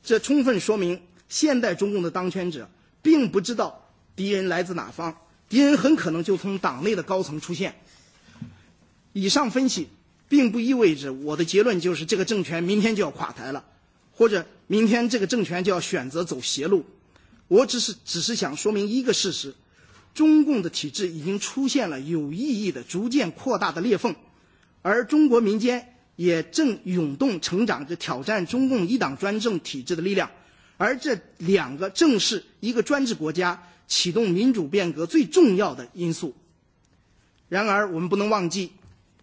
这充分说明现代中共的当权者并不知道敌人来自哪方，敌人很可能就从党内的高层出现。以上分析并不意味着我的结论就是这个政权明天就要垮台了，或者明天这个政权就要选择走邪路。我只是只是想说明一个事实，中共的体制已经出现了有意义的逐渐扩大的裂缝，而中国民间也正涌动成长着挑战中共一党专政体制的力量，而这两个正是一个专制国家启动民主变革最重要的因素。然而，我们不能忘记，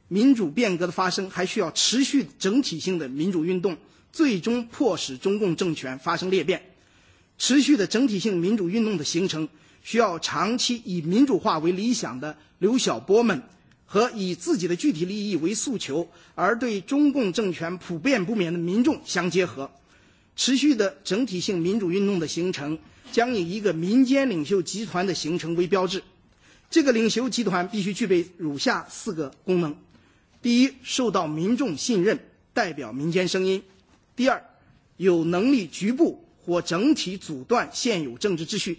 民主变革的发生还需要持续整体性的民主运动，最终迫使中共政权发生裂变。持续的整体性民主运动的形成，需要长期以民主化为理想的刘晓波们和以自己的具体利益为诉求而对中共政权普遍不免的民众相结合。持续的整体性民主运动的形成，将以一个民间领袖集团的形成为标志。这个领袖集团必须具备如下四个功能：第一，受到民众信任，代表民间声音；第二，有能力局部或整体阻断现有政治秩序；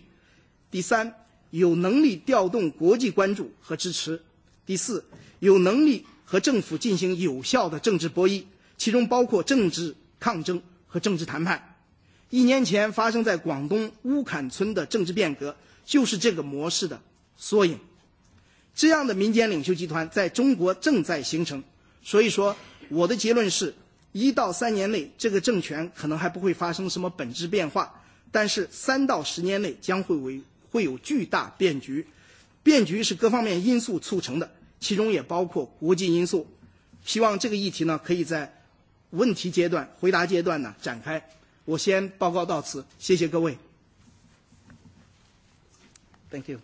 第三，有能力调动国际关注和支持；第四，有能力和政府进行有效的政治博弈，其中包括政治抗争和政治谈判。一年前发生在广东乌坎村的政治变革，就是这个模式的缩影。这样的民间领袖集团在中国正在形成，所以说我的结论是，一到三年内这个政权可能还不会发生什么本质变化，但是三到十年内将会为会有巨大变局。变局是各方面因素促成的，其中也包括国际因素。希望这个议题呢，可以在问题阶段、回答阶段呢展开。我先报告到此，谢谢各位。Thank you.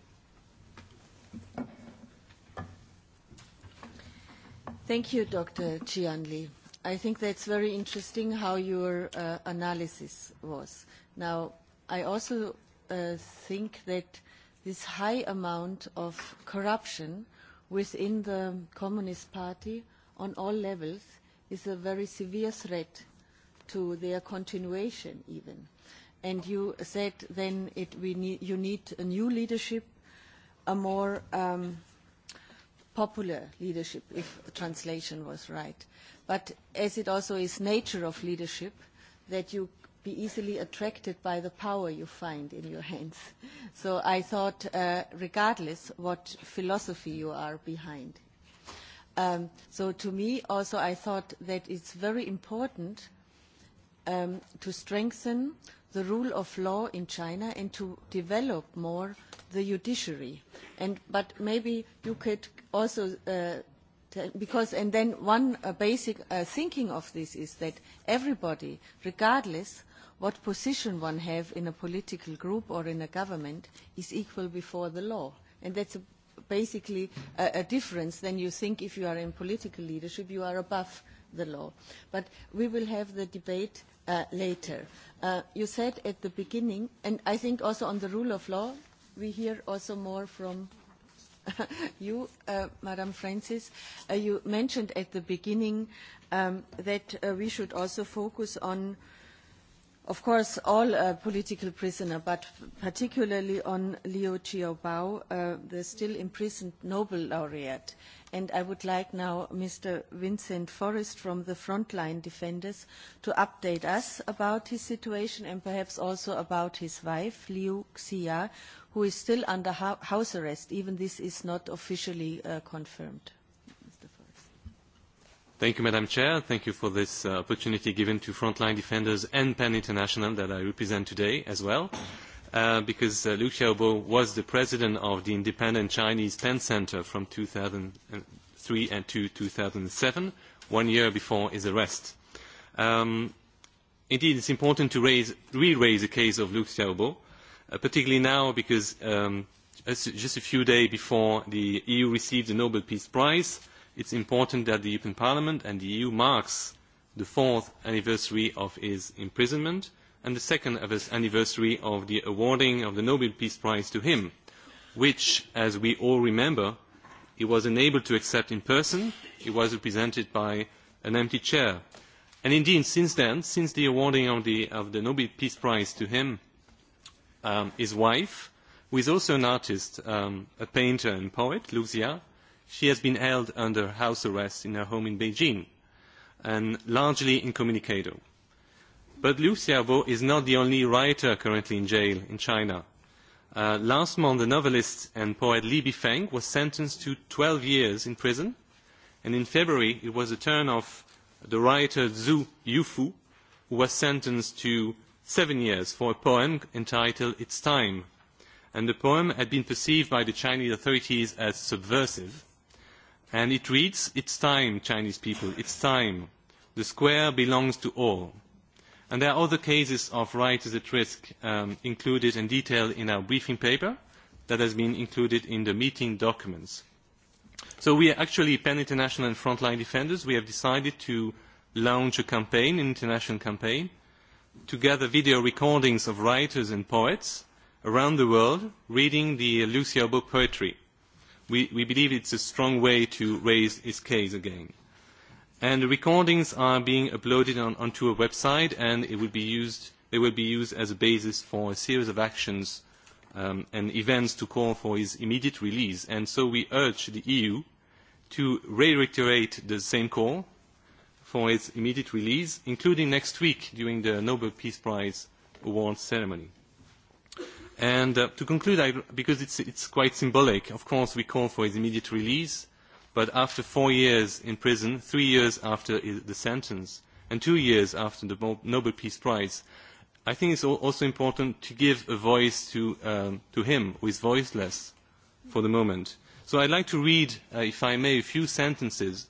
Thank you, Dr. Qian Li. I think that's very interesting how your uh, analysis was. Now, I also uh, think that this high amount of corruption within the Communist Party on all levels is a very severe threat to their continuation even. And you said then it, we need, you need a new leadership, a more um, popular leadership, if the translation was right. But as it also is nature of leadership, that you be easily attracted by the power you find in your hands. [LAUGHS] So I thought, uh, regardless what philosophy you are behind. Um, so to me also I thought that it's very important um, to strengthen the rule of law in China and to develop more the judiciary. And, but maybe you could also uh, because and then one uh, basic uh, thinking of this is that everybody regardless what position one have in a political group or in a government is equal before the law. And that's a, basically a, a difference than you think if you are in political leadership, you are above the law. But we will have the debate uh, later. Uh, you said at the beginning, and I think also on the rule of law, we hear also more from [LAUGHS] you, uh, Madam Francis. Uh, you mentioned at the beginning um, that uh, we should also focus on uh, of course, all uh, political prisoners, but particularly on Liu Xiaobao, uh, the still imprisoned Nobel laureate. And I would like now Mr. Vincent Forrest from the Frontline Defenders to update us about his situation and perhaps also about his wife, Liu Xia, who is still under ho house arrest, even this is not officially uh, confirmed. Thank you, Madam Chair. Thank you for this uh, opportunity given to frontline defenders and PEN International that I represent today as well. Uh, because uh, Liu Xiaobo was the president of the independent Chinese PEN Center from 2003 and to 2007, one year before his arrest. Um, indeed, it's important to raise, re-raise the case of Liu Xiaobo, uh, particularly now because um, just a few days before the EU received the Nobel Peace Prize, uh, it is important that the european parliament and the eu mark the fourth anniversary of his imprisonment and the second anniversary of the awarding of the nobel peace prize to him which as we all remember he was unable to accept in person he was represented by an empty chair. And indeed since then since the awarding of the, of the nobel peace prize to him um, his wife who is also an artist um, a painter and poet lucia she has been held under house arrest in her home in beijing and largely incommunicado. but liu xiaobo is not the only writer currently in jail in china. Uh, last month the novelist and poet li bifeng was sentenced to twelve years in prison and in february it was the turn of the writer zhu yufu who was sentenced to seven years for a poem entitled it's time and the poem had been perceived by the chinese authorities as subversive and it reads it's time chinese people it's time the square belongs to all and there are other cases of writers at risk um, included and detailed in our briefing paper that has been included in the meeting documents so we are actually pan international and frontline defenders we have decided to launch a campaign an international campaign to gather video recordings of writers and poets around the world reading the lucia book poetry we, we believe it's a strong way to raise its case again. And the recordings are being uploaded on, onto a website and it will be used, they will be used as a basis for a series of actions um, and events to call for his immediate release. And so we urge the EU to reiterate the same call for its immediate release, including next week during the Nobel Peace Prize awards ceremony And uh, to conclude, I, because it's, it's quite symbolic, of course we call for his immediate release, but after four years in prison, three years after the sentence, and two years after the Nobel Peace Prize, I think it's also important to give a voice to, um, to him who is voiceless for the moment. So I'd like to read, uh, if I may, a few sentences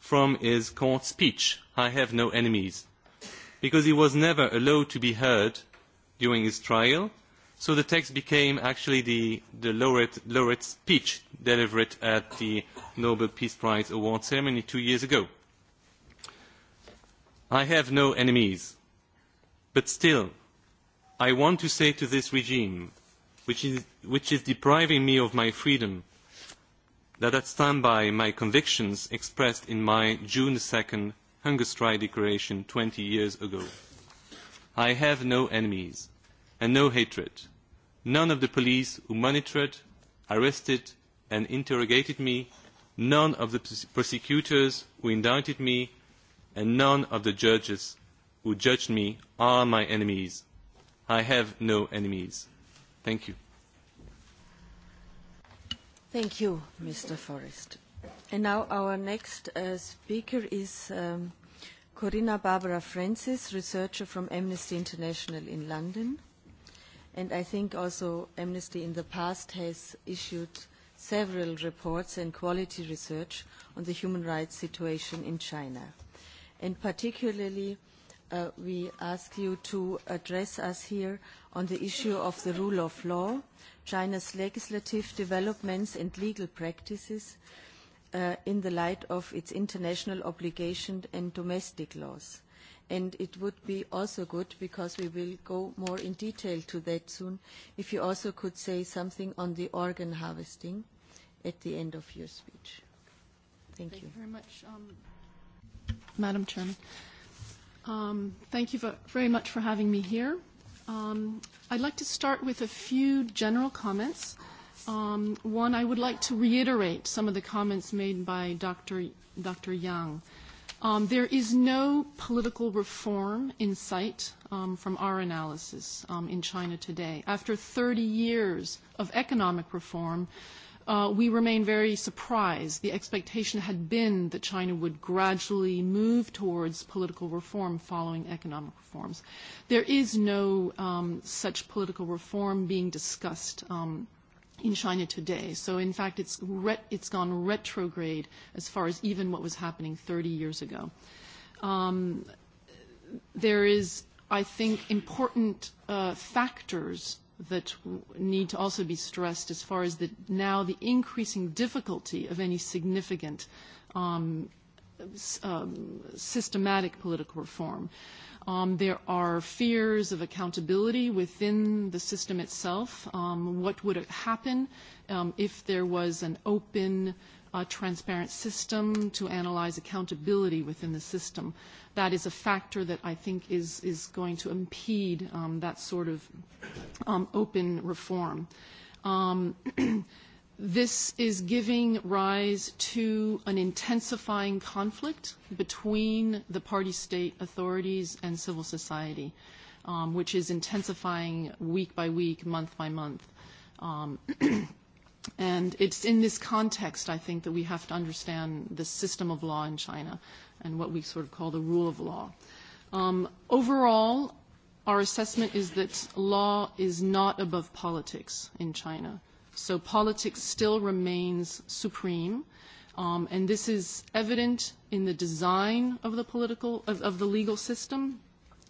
from his court speech, I have no enemies, because he was never allowed to be heard during his trial, so the text became actually the, the laureate, laureate's speech delivered at the Nobel Peace Prize award ceremony two years ago. I have no enemies, but still, I want to say to this regime, which is, which is depriving me of my freedom, that I stand by my convictions expressed in my June 2nd hunger strike declaration 20 years ago. I have no enemies and no hatred none of the police who monitored arrested and interrogated me none of the prosecutors who indicted me and none of the judges who judged me are my enemies. i have no enemies. thank you. thank you, mr. forrest. and now our next uh, speaker is um, corina barbara francis, researcher from amnesty international in london. And I think also Amnesty in the past has issued several reports and quality research on the human rights situation in China. And particularly, uh, we ask you to address us here on the issue of the rule of law, China's legislative developments and legal practices uh, in the light of its international obligation and domestic laws and it would be also good, because we will go more in detail to that soon, if you also could say something on the organ harvesting at the end of your speech. Thank, Thank you. Thank you very much, um, Madam Chairman. Um, thank you very much for having me here. Um, I'd like to start with a few general comments. Um, one, I would like to reiterate some of the comments made by Dr. Dr. Yang. Uh, Um, there is no political reform in sight um, from our analysis um, in China today. After 30 years of economic reform, uh, we remain very surprised. The expectation had been that China would gradually move towards political reform following economic reforms. There is no um, such political reform being discussed um, – in China today. So in fact, it's, re- it's gone retrograde as far as even what was happening 30 years ago. Um, there is, I think, important uh, factors that need to also be stressed as far as the, now the increasing difficulty of any significant um, um, systematic political reform. Uh, Um, there are fears of accountability within the system itself. Um, what would happen um, if there was an open, uh, transparent system to analyze accountability within the system? That is a factor that I think is, is going to impede um, that sort of um, open reform. Um, [CLEARS THROAT] This is giving rise to an intensifying conflict between the party state authorities and civil society, um, which is intensifying week by week, month by month. Um, [CLEARS THROAT] and it's in this context, I think, that we have to understand the system of law in China and what we sort of call the rule of law. Um, overall, our assessment is that law is not above politics in China. Uh, So politics still remains supreme. Um, and this is evident in the design of the political of, of the legal system,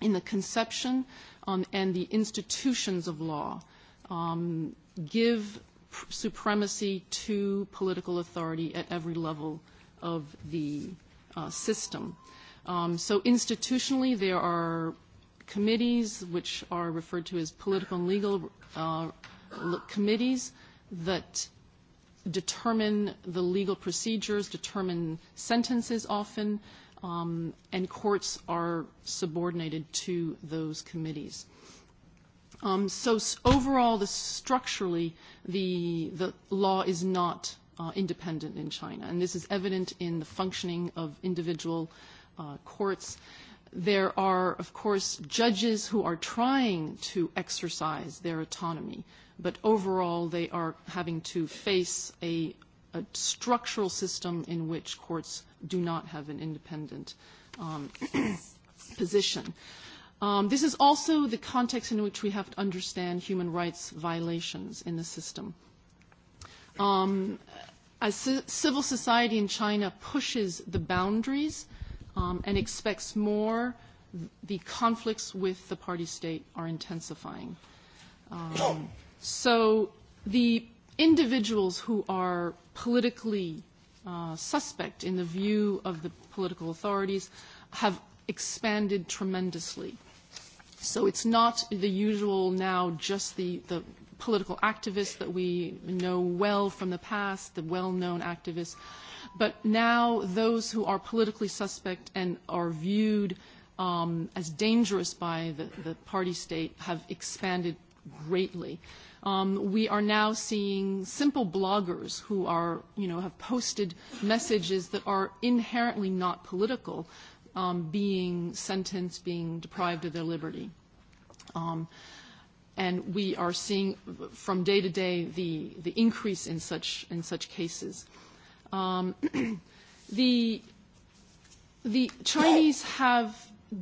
in the conception um, and the institutions of law um, give pr- supremacy to political authority at every level of the uh, system. Um, so institutionally, there are committees which are referred to as political and legal uh, committees that determine the legal procedures, determine sentences often, um, and courts are subordinated to those committees. Um, so s- overall, the structurally, the, the law is not uh, independent in China, and this is evident in the functioning of individual uh, courts. There are, of course, judges who are trying to exercise their autonomy, but overall they are having to face a, a structural system in which courts do not have an independent um, [COUGHS] position. Um, this is also the context in which we have to understand human rights violations in the system. Um, as c- civil society in China pushes the boundaries um, and expects more, th- the conflicts with the party state are intensifying. Um, So the individuals who are politically uh, suspect in the view of the political authorities have expanded tremendously. So it's not the usual now just the, the political activists that we know well from the past, the well-known activists, but now those who are politically suspect and are viewed um, as dangerous by the, the party state have expanded greatly. Um, we are now seeing simple bloggers who are, you know, have posted messages that are inherently not political, um, being sentenced, being deprived of their liberty. Um, and we are seeing from day to day the, the increase in such, in such cases. Um, [CLEARS THROAT] the, the Chinese have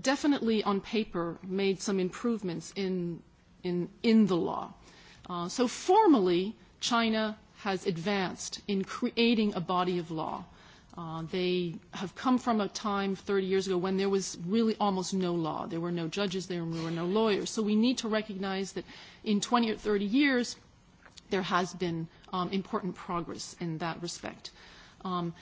definitely on paper made some improvements in in, in the law. Uh, so formally, China has advanced in creating a body of law. Uh, they have come from a time 30 years ago when there was really almost no law. There were no judges, there were no lawyers. So we need to recognize that in 20 or 30 years, there has been um, important progress in that respect. Um,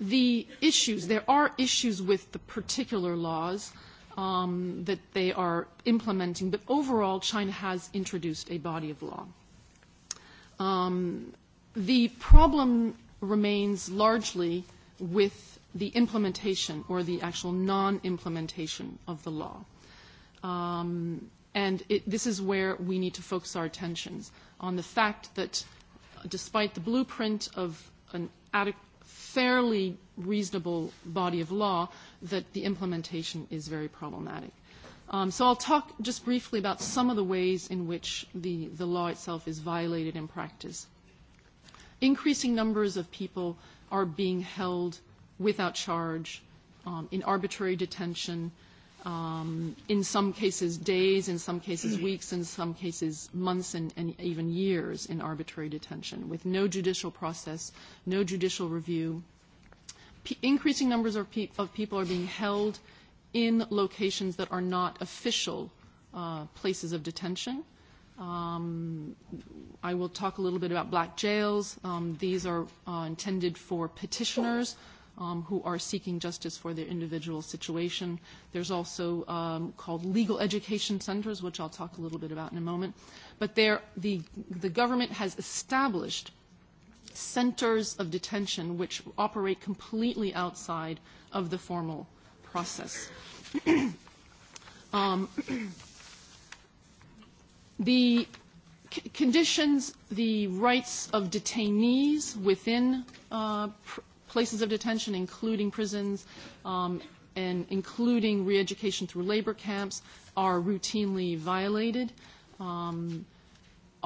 the issues, there are issues with the particular laws. Uh, um, that they are implementing. But overall, China has introduced a body of law. Um, the problem remains largely with the implementation or the actual non-implementation of the law. Um, and it, this is where we need to focus our attentions on the fact that uh, despite the blueprint of an adequate, fairly reasonable body of law, that the implementation is very problematic. Um, so I'll talk just briefly about some of the ways in which the, the law itself is violated in practice. Increasing numbers of people are being held without charge um, in arbitrary detention, um, in some cases days, in some cases [CLEARS THROAT] weeks, in some cases months and, and even years in arbitrary detention with no judicial process, no judicial review, p- increasing numbers of, pe- of people are being held in locations that are not official uh, places of detention. Um, I will talk a little bit about black jails. Um, these are uh, intended for petitioners um, who are seeking justice for their individual situation. There's also um, called legal education centers, which I'll talk a little bit about in a moment. But there, the, the government has established centers of detention which operate completely outside of the formal process. [CLEARS THROAT] um, [CLEARS THROAT] the c- conditions, the rights of detainees within uh, pr- places of detention, including prisons, um, and including re-education through labor camps, are routinely violated. Um,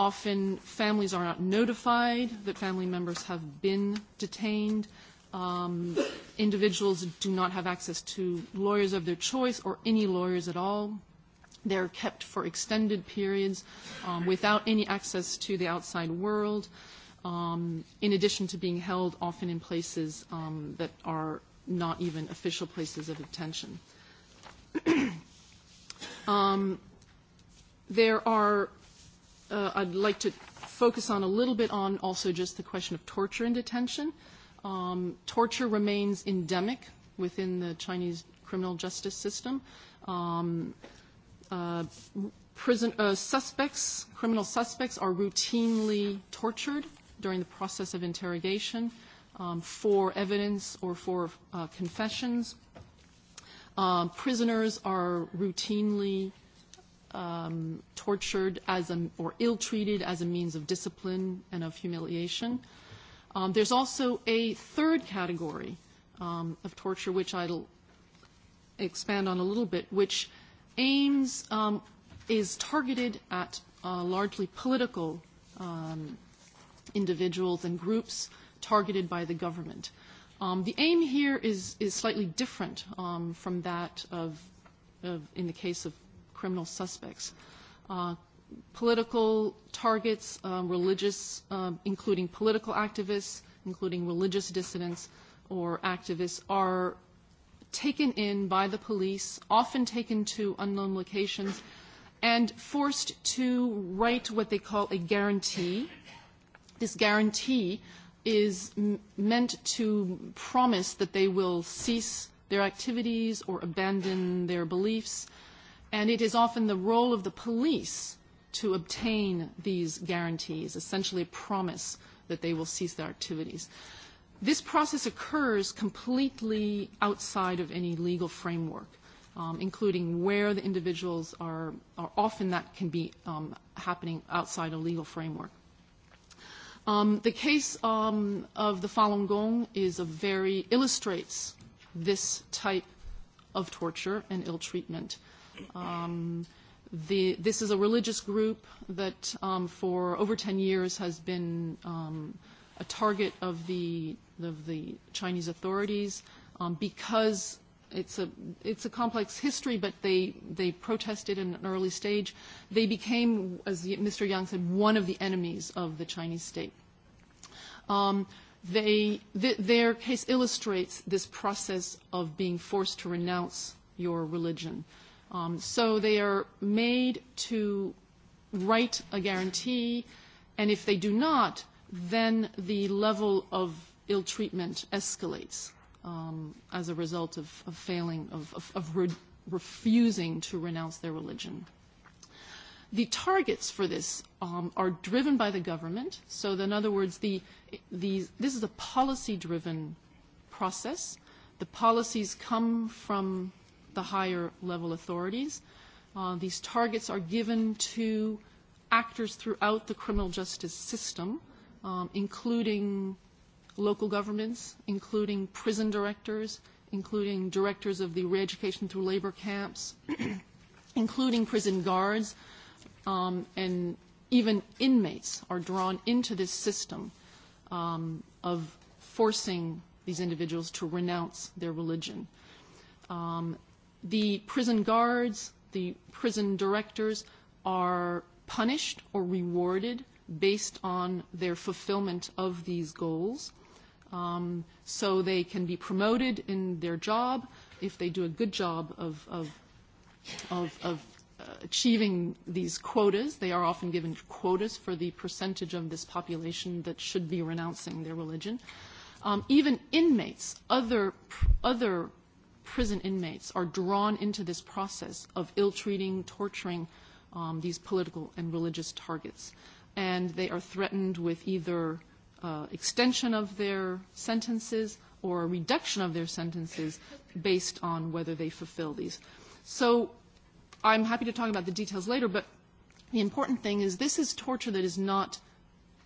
Often families are not notified that family members have been detained. Um, individuals do not have access to lawyers of their choice or any lawyers at all. They're kept for extended periods um, without any access to the outside world, um, in addition to being held often in places um, that are not even official places of detention. [CLEARS THROAT] um, there are uh, I'd like to focus on a little bit on also just the question of torture in detention. Um, torture remains endemic within the Chinese criminal justice system. Um, uh, prison uh, suspects, criminal suspects, are routinely tortured during the process of interrogation um, for evidence or for uh, confessions. Um, prisoners are routinely um, tortured as a, or ill-treated as a means of discipline and of humiliation. Um, there's also a third category um, of torture, which I'll expand on a little bit, which aims um, is targeted at uh, largely political um, individuals and groups targeted by the government. Um, the aim here is, is slightly different um, from that of, of, in the case of criminal suspects. Uh, political targets, um, religious, um, including political activists, including religious dissidents or activists, are taken in by the police, often taken to unknown locations, and forced to write what they call a guarantee. This guarantee is m- meant to promise that they will cease their activities or abandon their beliefs. Uh, And it is often the role of the police to obtain these guarantees, essentially a promise that they will cease their activities. This process occurs completely outside of any legal framework, um, including where the individuals are, are often that can be um, happening outside a legal framework. Um, the case um, of the Falun Gong is a very illustrates this type of torture and ill treatment. Uh, Um, the, this is a religious group that um, for over 10 years has been um, a target of the, of the Chinese authorities um, because it's a, it's a complex history, but they, they protested in an early stage. They became, as Mr. Yang said, one of the enemies of the Chinese state. Um, they, th- their case illustrates this process of being forced to renounce your religion. Uh, Um, so they are made to write a guarantee, and if they do not, then the level of ill treatment escalates um, as a result of, of failing, of, of, of re- refusing to renounce their religion. The targets for this um, are driven by the government. So, in other words, the, the, this is a policy driven process. The policies come from the higher level authorities. Uh, these targets are given to actors throughout the criminal justice system, um, including local governments, including prison directors, including directors of the re-education through labor camps, [CLEARS THROAT] including prison guards, um, and even inmates are drawn into this system um, of forcing these individuals to renounce their religion. Um, the prison guards, the prison directors are punished or rewarded based on their fulfillment of these goals. Um, so they can be promoted in their job if they do a good job of, of, of, of uh, achieving these quotas. They are often given quotas for the percentage of this population that should be renouncing their religion. Um, even inmates, other, other prison inmates are drawn into this process of ill-treating, torturing um, these political and religious targets. And they are threatened with either uh, extension of their sentences or a reduction of their sentences based on whether they fulfill these. So I'm happy to talk about the details later, but the important thing is this is torture that is not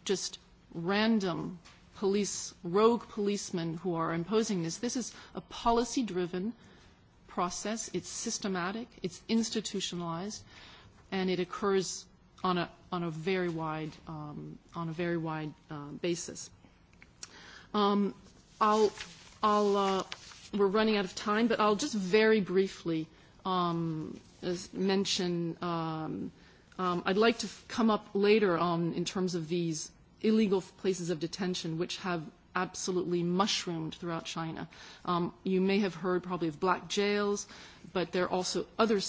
just random police, rogue policemen who are imposing this. This is a policy-driven process. It's systematic, it's institutionalized, and it occurs on a, on a very wide, um, on a very wide uh, basis. Um, I'll, I'll, uh, we're running out of time, but I'll just very briefly um, mention um, um, I'd like to f- come up later on in terms of these illegal places of detention, which have absolutely mushroomed throughout China. Um, you may have heard probably of black jails, but there are also other,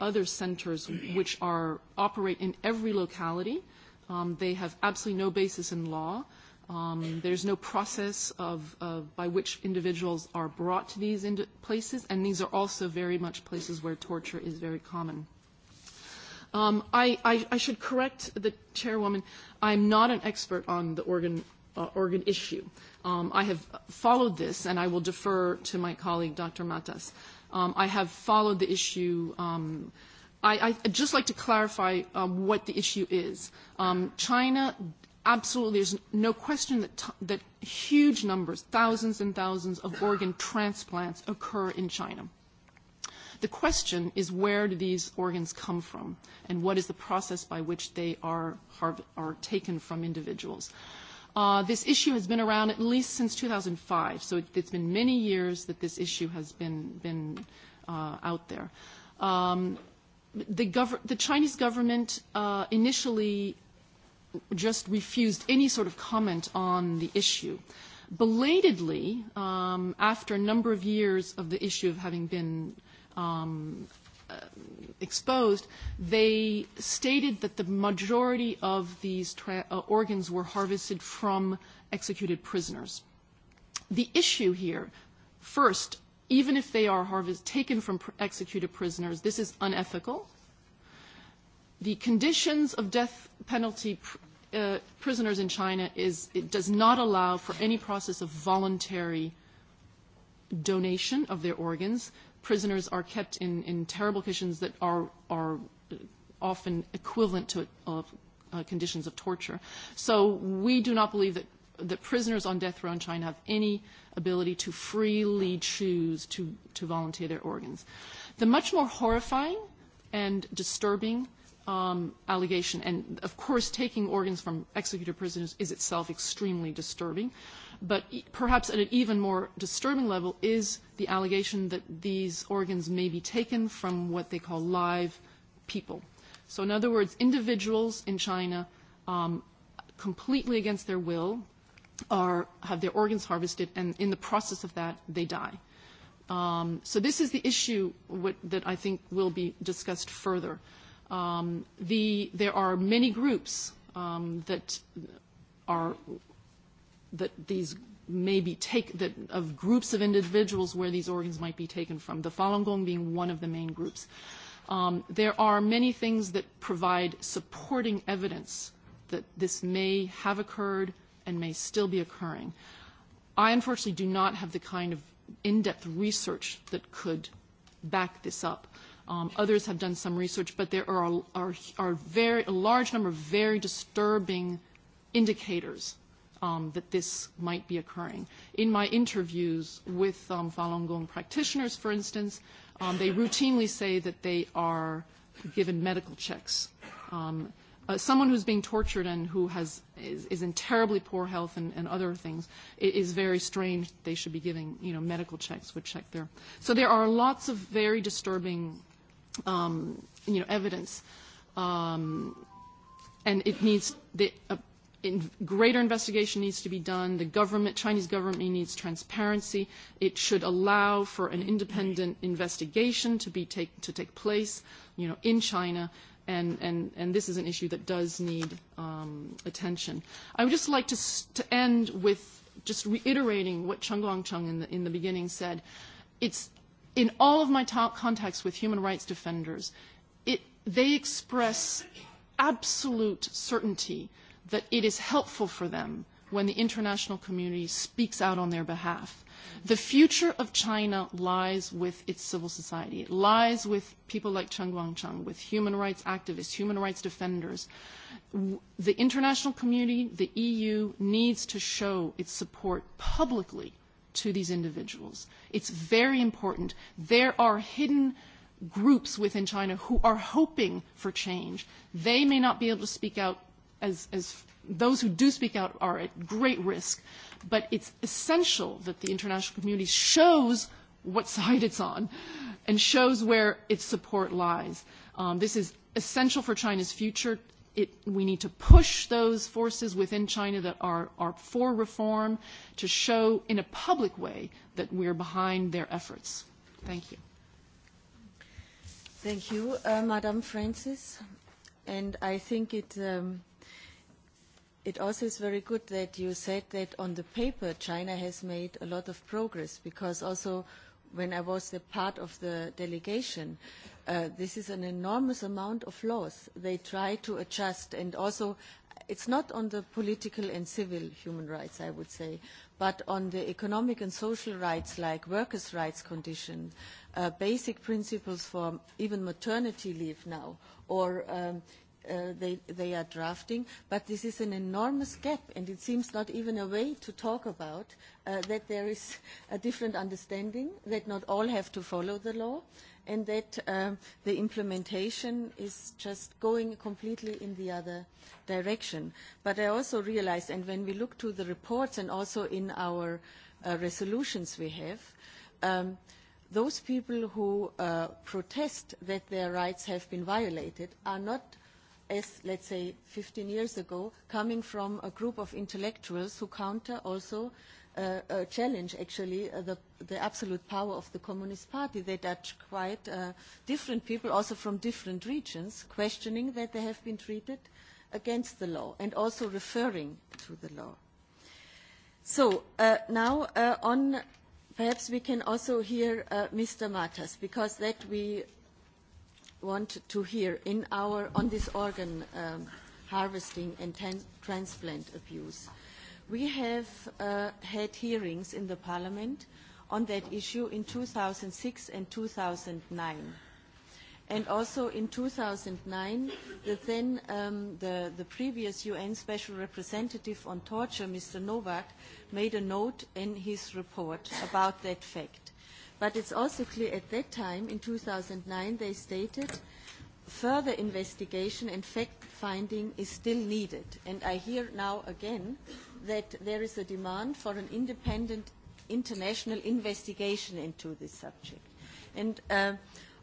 other centers which are, operate in every locality. Um, they have absolutely no basis in law. Um, there's no process of, of, by which individuals are brought to these ind- places, and these are also very much places where torture is very common. Um, I, I, I should correct the chairwoman. I'm not an expert on the organ, uh, organ issue. Um, I have followed this, and I will defer to my colleague, Dr. Matas. Um, I have followed the issue. Um, I, I'd just like to clarify um, what the issue is. Um, China absolutely there's no question that, t- that huge numbers, thousands and thousands of organ transplants occur in China. The question is where do these organs come from and what is the process by which they are, harv- are taken from individuals. Uh, this issue has been around at least since 2005, so it, it's been many years that this issue has been, been uh, out there. Um, the, gov- the Chinese government uh, initially just refused any sort of comment on the issue. Belatedly, um, after a number of years of the issue of having been uh, um, uh, exposed, they stated that the majority of these tra- uh, organs were harvested from executed prisoners. The issue here, first, even if they are harvest- taken from pr- executed prisoners, this is unethical. The conditions of death penalty pr- uh, prisoners in China is it does not allow for any process of voluntary donation of their organs prisoners are kept in, in terrible conditions that are, are often equivalent to uh, uh, conditions of torture. So we do not believe that, that prisoners on death row in China have any ability to freely choose to, to volunteer their organs. The much more horrifying and disturbing um, allegation, and of course taking organs from executed prisoners is itself extremely disturbing, uh, But e- perhaps at an even more disturbing level is the allegation that these organs may be taken from what they call live people. So, in other words, individuals in China, um, completely against their will, are, have their organs harvested, and in the process of that, they die. Um, so, this is the issue what, that I think will be discussed further. Um, the, there are many groups um, that are that these maybe take that of groups of individuals where these organs might be taken from, the Falun Gong being one of the main groups. Um, there are many things that provide supporting evidence that this may have occurred and may still be occurring. I unfortunately do not have the kind of in-depth research that could back this up. Um, others have done some research, but there are, are, are very, a large number of very disturbing indicators um, that this might be occurring. In my interviews with um, Falun Gong practitioners, for instance, um, they routinely say that they are given medical checks. Um, uh, someone who's being tortured and who has, is, is in terribly poor health and, and other things, it is very strange they should be giving you know, medical checks would check their. So there are lots of very disturbing um, you know, evidence. Um, and it needs the, a uh, in greater investigation needs to be done. The government, Chinese government needs transparency. It should allow for an independent investigation to, be take, to take place you know, in China. And, and, and this is an issue that does need um, attention. I would just like to, to end with just reiterating what Cheng Guangcheng in the, in the beginning said. It's in all of my top contacts with human rights defenders, it, they express absolute certainty that it is helpful for them when the international community speaks out on their behalf. The future of China lies with its civil society. It lies with people like Cheng Guangcheng, with human rights activists, human rights defenders. The international community, the EU, needs to show its support publicly to these individuals. It's very important. There are hidden groups within China who are hoping for change. They may not be able to speak out as, as those who do speak out are at great risk, but it's essential that the international community shows what side it's on and shows where its support lies. Um, this is essential for China's future. It, we need to push those forces within China that are, are for reform to show in a public way that we're behind their efforts. Thank you. Thank you, uh, Madam Francis. And I think it. Um, it also is very good that you said that on the paper China has made a lot of progress because also when I was a part of the delegation, uh, this is an enormous amount of laws. They try to adjust and also it's not on the political and civil human rights, I would say, but on the economic and social rights like workers' rights condition, uh, basic principles for even maternity leave now, or um, uh, they, they are drafting, but this is an enormous gap, and it seems not even a way to talk about uh, that there is a different understanding, that not all have to follow the law, and that um, the implementation is just going completely in the other direction. But I also realize, and when we look to the reports and also in our uh, resolutions we have, um, those people who uh, protest that their rights have been violated are not as, let's say, 15 years ago, coming from a group of intellectuals who counter also uh, uh, challenge actually uh, the, the absolute power of the Communist Party. That are quite uh, different people, also from different regions, questioning that they have been treated against the law and also referring to the law. So uh, now uh, on, perhaps we can also hear uh, Mr. Matas because that we want to hear in our, on this organ um, harvesting and trans transplant abuse. We have uh, had hearings in the Parliament on that issue in 2006 and 2009. And also in 2009, the then um, the, the previous UN Special Representative on Torture, Mr. Novak, made a note in his report about that fact. But it's also clear at that time, in 2009, they stated further investigation and fact-finding is still needed. And I hear now again that there is a demand for an independent international investigation into this subject. And uh,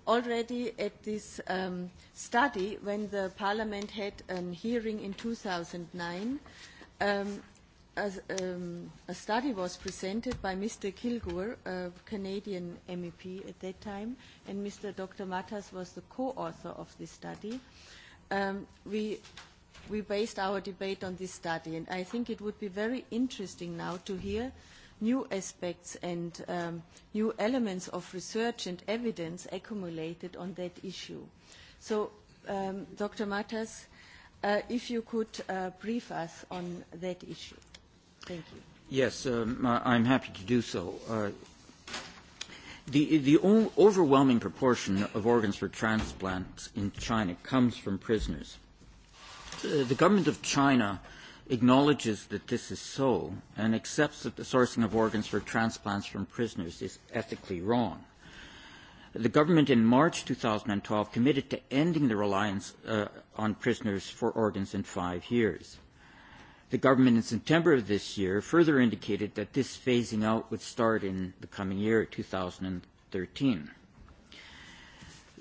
already at this um, study, when the Parliament had a hearing in 2009, um, a, um, a study was presented by Mr. Kilgour, a Canadian MEP at that time, and Mr. Dr. Matas was the co-author of this study. Um, we, we based our debate on this study, and I think it would be very interesting now to hear new aspects and um, new elements of research and evidence accumulated on that issue. So, um, Dr. Matas, uh, if you could uh, brief us on that issue. Thank you. Yes, um, I'm happy to do so. Uh, the the o- overwhelming proportion of organs for transplants in China comes from prisoners. Uh, the government of China acknowledges that this is so and accepts that the sourcing of organs for transplants from prisoners is ethically wrong. The government in March 2012 committed to ending the reliance uh, on prisoners for organs in five years. The government in September of this year further indicated that this phasing out would start in the coming year, 2013.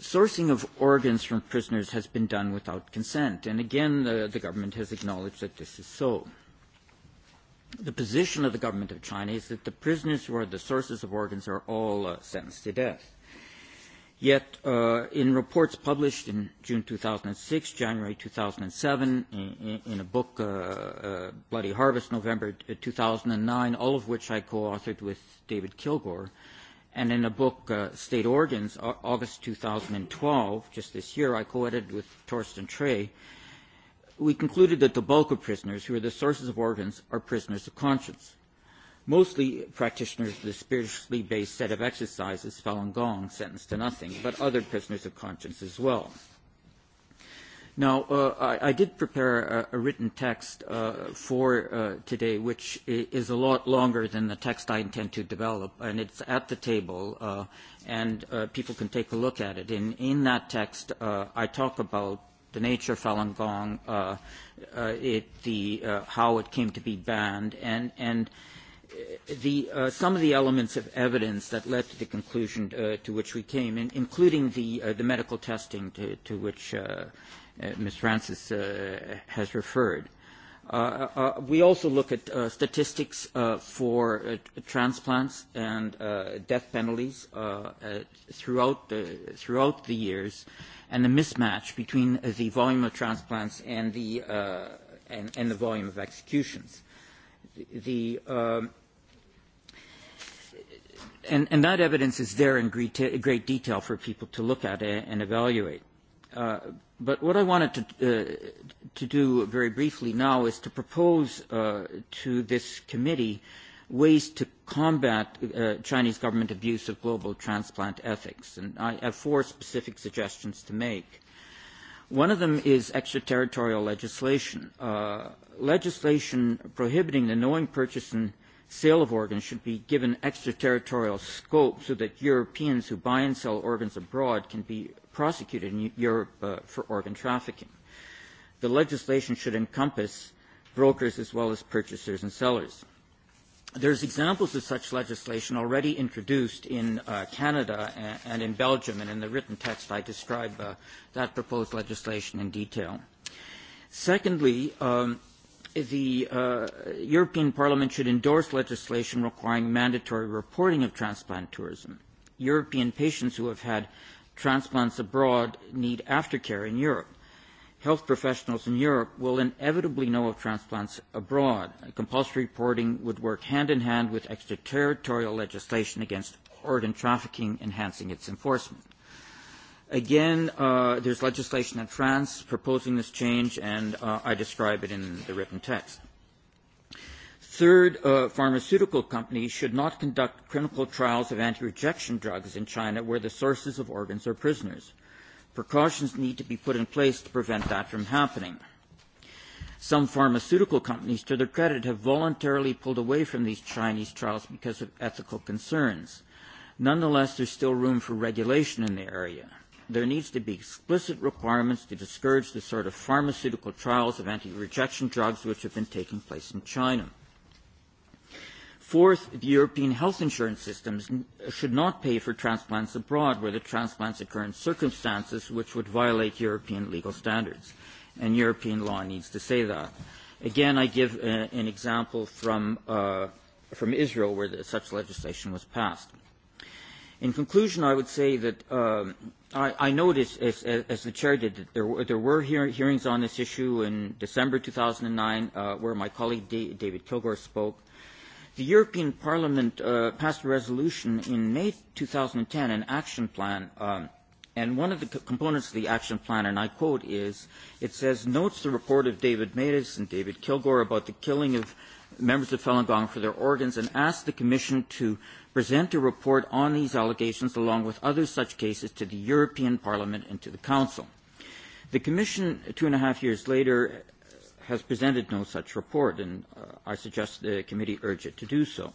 Sourcing of organs from prisoners has been done without consent, and again, the, the government has acknowledged that this is so. The position of the government of China is that the prisoners who are the sources of organs are all uh, sentenced to death. Yet, uh, in reports published in June 2006, January 2007, in, in a book, uh, uh, Bloody Harvest, November 2009, uh, all of which I co-authored with David Kilgore, and in a book, uh, State Organs, August 2012, just this year, I co-edited with Torsten Trey, we concluded that the bulk of prisoners who are the sources of organs are prisoners of conscience mostly practitioners of the spiritually based set of exercises, Falun Gong, sentenced to nothing, but other prisoners of conscience as well. Now, uh, I, I did prepare a, a written text uh, for uh, today, which is a lot longer than the text I intend to develop, and it's at the table, uh, and uh, people can take a look at it. In, in that text, uh, I talk about the nature of Falun Gong, uh, uh, it, the, uh, how it came to be banned, and, and uh, the, uh, some of the elements of evidence that led to the conclusion uh, to which we came, in, including the, uh, the medical testing to, to which uh, uh, Ms. Francis uh, has referred. Uh, uh, we also look at uh, statistics uh, for uh, transplants and uh, death penalties uh, uh, throughout, the, throughout the years and the mismatch between the volume of transplants and the, uh, and, and the volume of executions the um, and, and that evidence is there in great, t- great detail for people to look at and evaluate. Uh, but what I wanted to, uh, to do very briefly now is to propose uh, to this committee ways to combat uh, Chinese government abuse of global transplant ethics. And I have four specific suggestions to make. One of them is extraterritorial legislation. Uh, legislation prohibiting the knowing purchase and sale of organs should be given extraterritorial scope so that Europeans who buy and sell organs abroad can be prosecuted in Europe uh, for organ trafficking. The legislation should encompass brokers as well as purchasers and sellers. Uh, There's examples of such legislation already introduced in uh, Canada and, and in Belgium, and in the written text I describe uh, that proposed legislation in detail. Secondly, um, the uh, European Parliament should endorse legislation requiring mandatory reporting of transplant tourism. European patients who have had transplants abroad need aftercare in Europe health professionals in Europe will inevitably know of transplants abroad. Compulsory reporting would work hand in hand with extraterritorial legislation against organ trafficking, enhancing its enforcement. Again, uh, there's legislation in France proposing this change, and uh, I describe it in the written text. Third, uh, pharmaceutical companies should not conduct clinical trials of anti-rejection drugs in China where the sources of organs are prisoners. Precautions need to be put in place to prevent that from happening. Some pharmaceutical companies, to their credit, have voluntarily pulled away from these Chinese trials because of ethical concerns. Nonetheless, there's still room for regulation in the area. There needs to be explicit requirements to discourage the sort of pharmaceutical trials of anti-rejection drugs which have been taking place in China. Fourth, the European health insurance systems should not pay for transplants abroad where the transplants occur in circumstances which would violate European legal standards. And European law needs to say that. Again, I give uh, an example from, uh, from Israel where the, such legislation was passed. In conclusion, I would say that um, I, I noticed, as, as, as the chair did, that there were, there were hear, hearings on this issue in December 2009 uh, where my colleague D- David Kilgore spoke The European Parliament uh, passed a resolution in May 2010, an action plan, um, and one of the co- components of the action plan, and I quote, is it says, notes the report of David Matis and David Kilgore about the killing of members of Falun Gong for their organs and asks the Commission to present a report on these allegations along with other such cases to the European Parliament and to the Council. The Commission, two and a half years later, has presented no such report, and uh, I suggest the committee urge it to do so.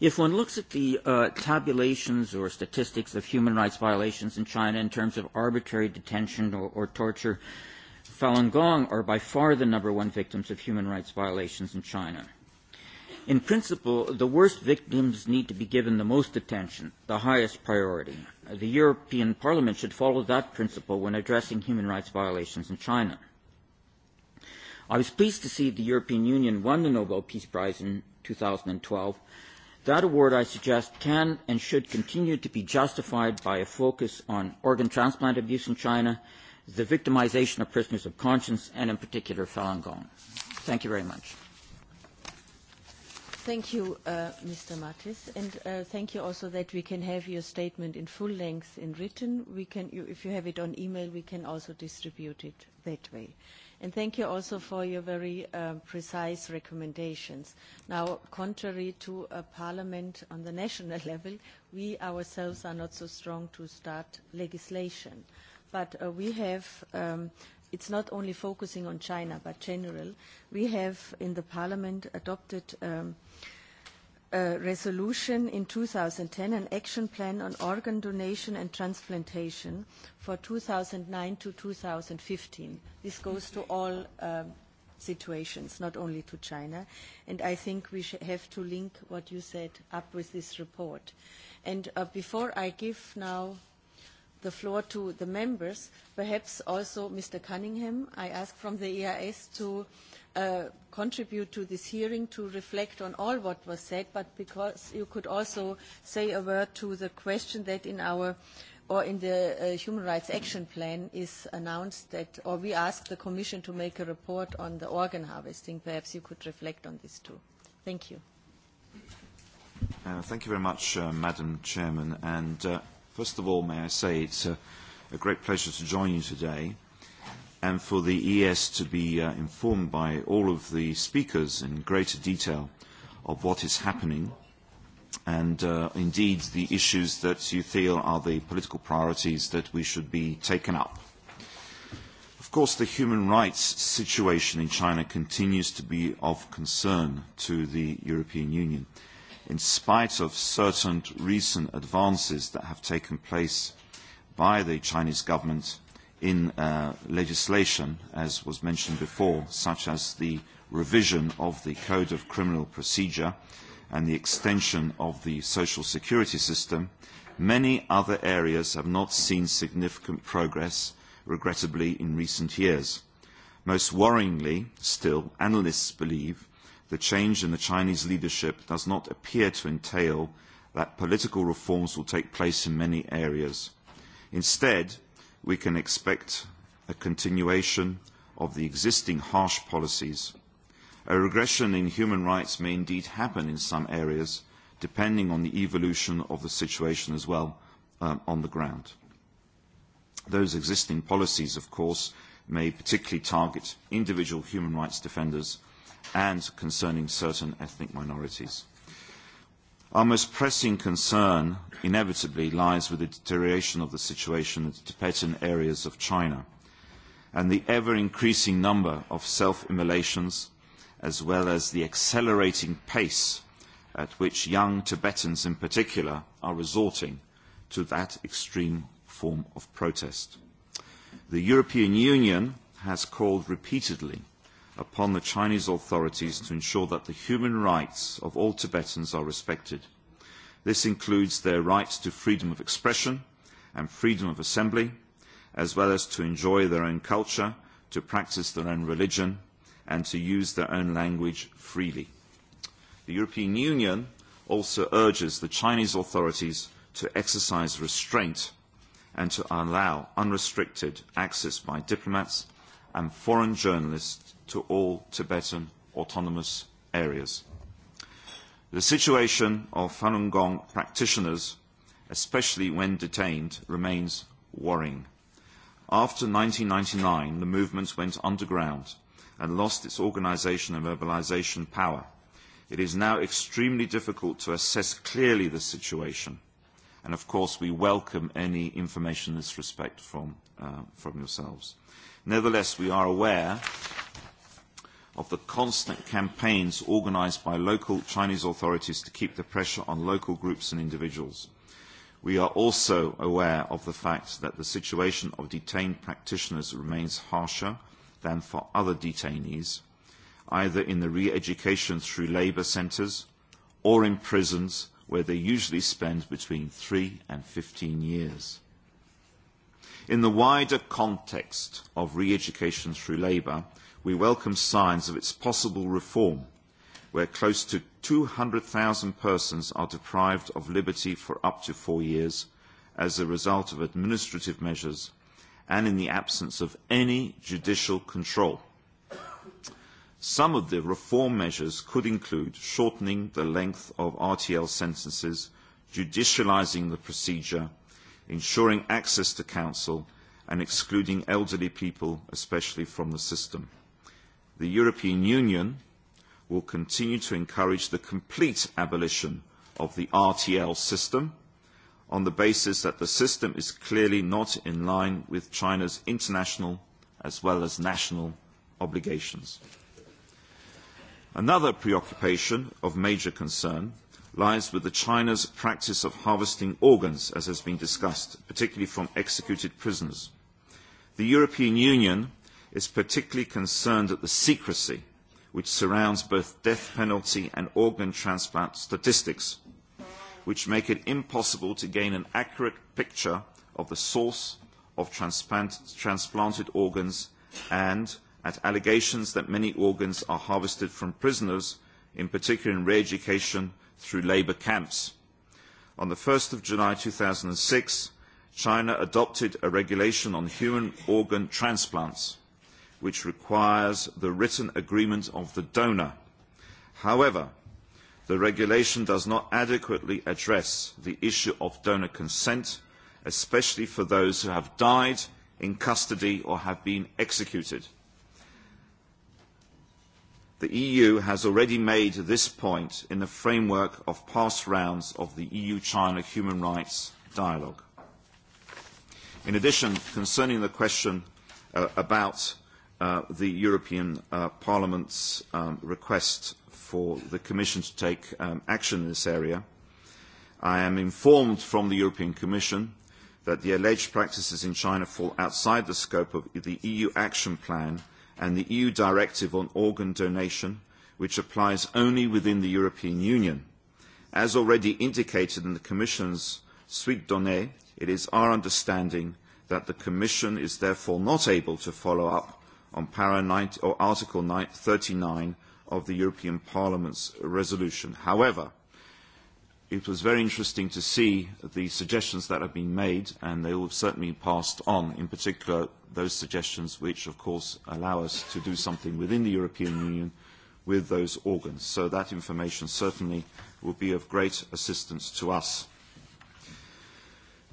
If one looks at the uh, tabulations or statistics of human rights violations in China in terms of arbitrary detention or, or torture, Falun Gong are by far the number one victims of human rights violations in China. In principle, the worst victims need to be given the most attention, the highest priority. The European Parliament should follow that principle when addressing human rights violations in China. I was pleased to see the European Union won the Nobel Peace Prize in 2012. That award, I suggest, can and should continue to be justified by a focus on organ transplant abuse in China, the victimization of prisoners of conscience, and in particular Falun Gong. Thank you very much. Thank you, uh, Mr. Mattis, and uh, thank you also that we can have your statement in full length in written. We can, you, if you have it on email, we can also distribute it that way. Uh, And thank you also for your very uh, precise recommendations. Now, contrary to a parliament on the national [LAUGHS] level, we ourselves are not so strong to start legislation. But uh, we have, um, it's not only focusing on China, but general, we have in the parliament adopted um, uh, uh, resolution in 2010, an action plan on organ donation and transplantation for 2009 to 2015. This goes to all uh, situations, not only to China. And I think we sh- have to link what you said up with this report. And uh, before I give now the floor to the members, perhaps also Mr. Cunningham, I ask from the EIS to uh, uh, contribute to this hearing to reflect on all what was said, but because you could also say a word to the question that in our or in the uh, Human Rights Action Plan is announced that, or we ask the Commission to make a report on the organ harvesting. Perhaps you could reflect on this too. Thank you. Uh, thank you very much, uh, Madam Chairman. And uh, first of all, may I say it's a, a great pleasure to join you today and for the ES to be uh, informed by all of the speakers in greater detail of what is happening and uh, indeed the issues that you feel are the political priorities that we should be taken up. Of course, the human rights situation in China continues to be of concern to the European Union, in spite of certain recent advances that have taken place by the Chinese government in uh, legislation, as was mentioned before, such as the revision of the Code of Criminal Procedure and the extension of the social security system, many other areas have not seen significant progress, regrettably, in recent years. Most worryingly, still, analysts believe the change in the Chinese leadership does not appear to entail that political reforms will take place in many areas. Instead, we can expect a continuation of the existing harsh policies. A regression in human rights may indeed happen in some areas, depending on the evolution of the situation as well um, on the ground. Those existing policies, of course, may particularly target individual human rights defenders and concerning certain ethnic minorities. Our most pressing concern inevitably lies with the deterioration of the situation in the Tibetan areas of China and the ever-increasing number of self-immolations as well as the accelerating pace at which young Tibetans in particular are resorting to that extreme form of protest. The European Union has called repeatedly upon the Chinese authorities to ensure that the human rights of all Tibetans are respected. This includes their rights to freedom of expression and freedom of assembly, as well as to enjoy their own culture, to practice their own religion, and to use their own language freely. The European Union also urges the Chinese authorities to exercise restraint and to allow unrestricted access by diplomats and foreign journalists to all Tibetan autonomous areas. The situation of Falun Gong practitioners, especially when detained, remains worrying. After 1999, the movement went underground and lost its organisation and mobilisation power. It is now extremely difficult to assess clearly the situation. And of course, we welcome any information in this respect from, uh, from yourselves. Nevertheless, we are aware of the constant campaigns organized by local Chinese authorities to keep the pressure on local groups and individuals. We are also aware of the fact that the situation of detained practitioners remains harsher than for other detainees, either in the re-education through labour centres or in prisons where they usually spend between 3 and 15 years. In the wider context of re-education through labour, we welcome signs of its possible reform, where close to 200,000 persons are deprived of liberty for up to four years as a result of administrative measures and in the absence of any judicial control. Some of the reform measures could include shortening the length of RTL sentences, judicialising the procedure, ensuring access to counsel and excluding elderly people, especially from the system. The European Union will continue to encourage the complete abolition of the RTL system on the basis that the system is clearly not in line with China's international as well as national obligations. Another preoccupation of major concern lies with the China's practice of harvesting organs, as has been discussed, particularly from executed prisoners. The European Union is particularly concerned at the secrecy which surrounds both death penalty and organ transplant statistics, which make it impossible to gain an accurate picture of the source of transplant, transplanted organs and at allegations that many organs are harvested from prisoners, in particular in re-education through labour camps. On the 1st of July 2006, China adopted a regulation on human organ transplants, which requires the written agreement of the donor. However, the regulation does not adequately address the issue of donor consent, especially for those who have died in custody or have been executed. The EU has already made this point in the framework of past rounds of the EU-China human rights dialogue. In addition, concerning the question uh, about uh, the European uh, Parliament's um, request for the Commission to take um, action in this area, I am informed from the European Commission that the alleged practices in China fall outside the scope of the EU action plan – and the EU Directive on Organ Donation, which applies only within the European Union. As already indicated in the Commission's suite donnée, it is our understanding that the Commission is therefore not able to follow up on para 90, or Article 9, 39 of the European Parliament's resolution. However, it was very interesting to see the suggestions that have been made, and they will certainly be passed on, in particular those suggestions which, of course, allow us to do something within the European Union with those organs. So that information certainly will be of great assistance to us.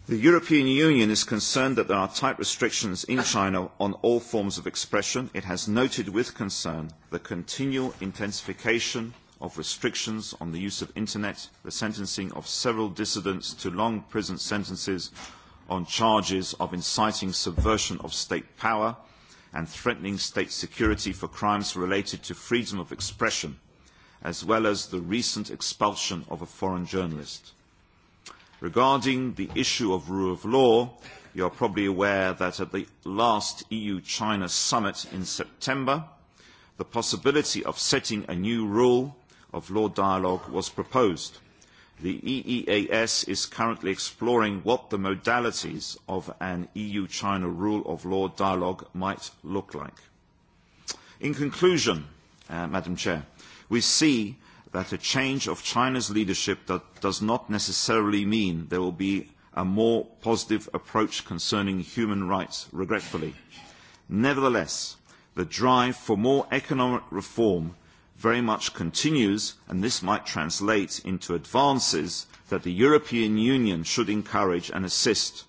The European Union is concerned that there are tight restrictions in China on all forms of expression. It has noted with concern the continual intensification of restrictions on the use of internet, the sentencing of several dissidents to long prison sentences on charges of inciting subversion of state power and threatening state security for crimes related to freedom of expression, as well as the recent expulsion of a foreign journalist. Regarding the issue of rule of law, you are probably aware that at the last EU-China summit in September, the possibility of setting a new rule of law dialogue was proposed. The EEAS is currently exploring what the modalities of an EU-China rule of law dialogue might look like. In conclusion, uh, Madam Chair, we see that a change of China's leadership that does not necessarily mean there will be a more positive approach concerning human rights, regretfully. Nevertheless, the drive for more economic reform very much continues, and this might translate into advances that the European Union should encourage and assist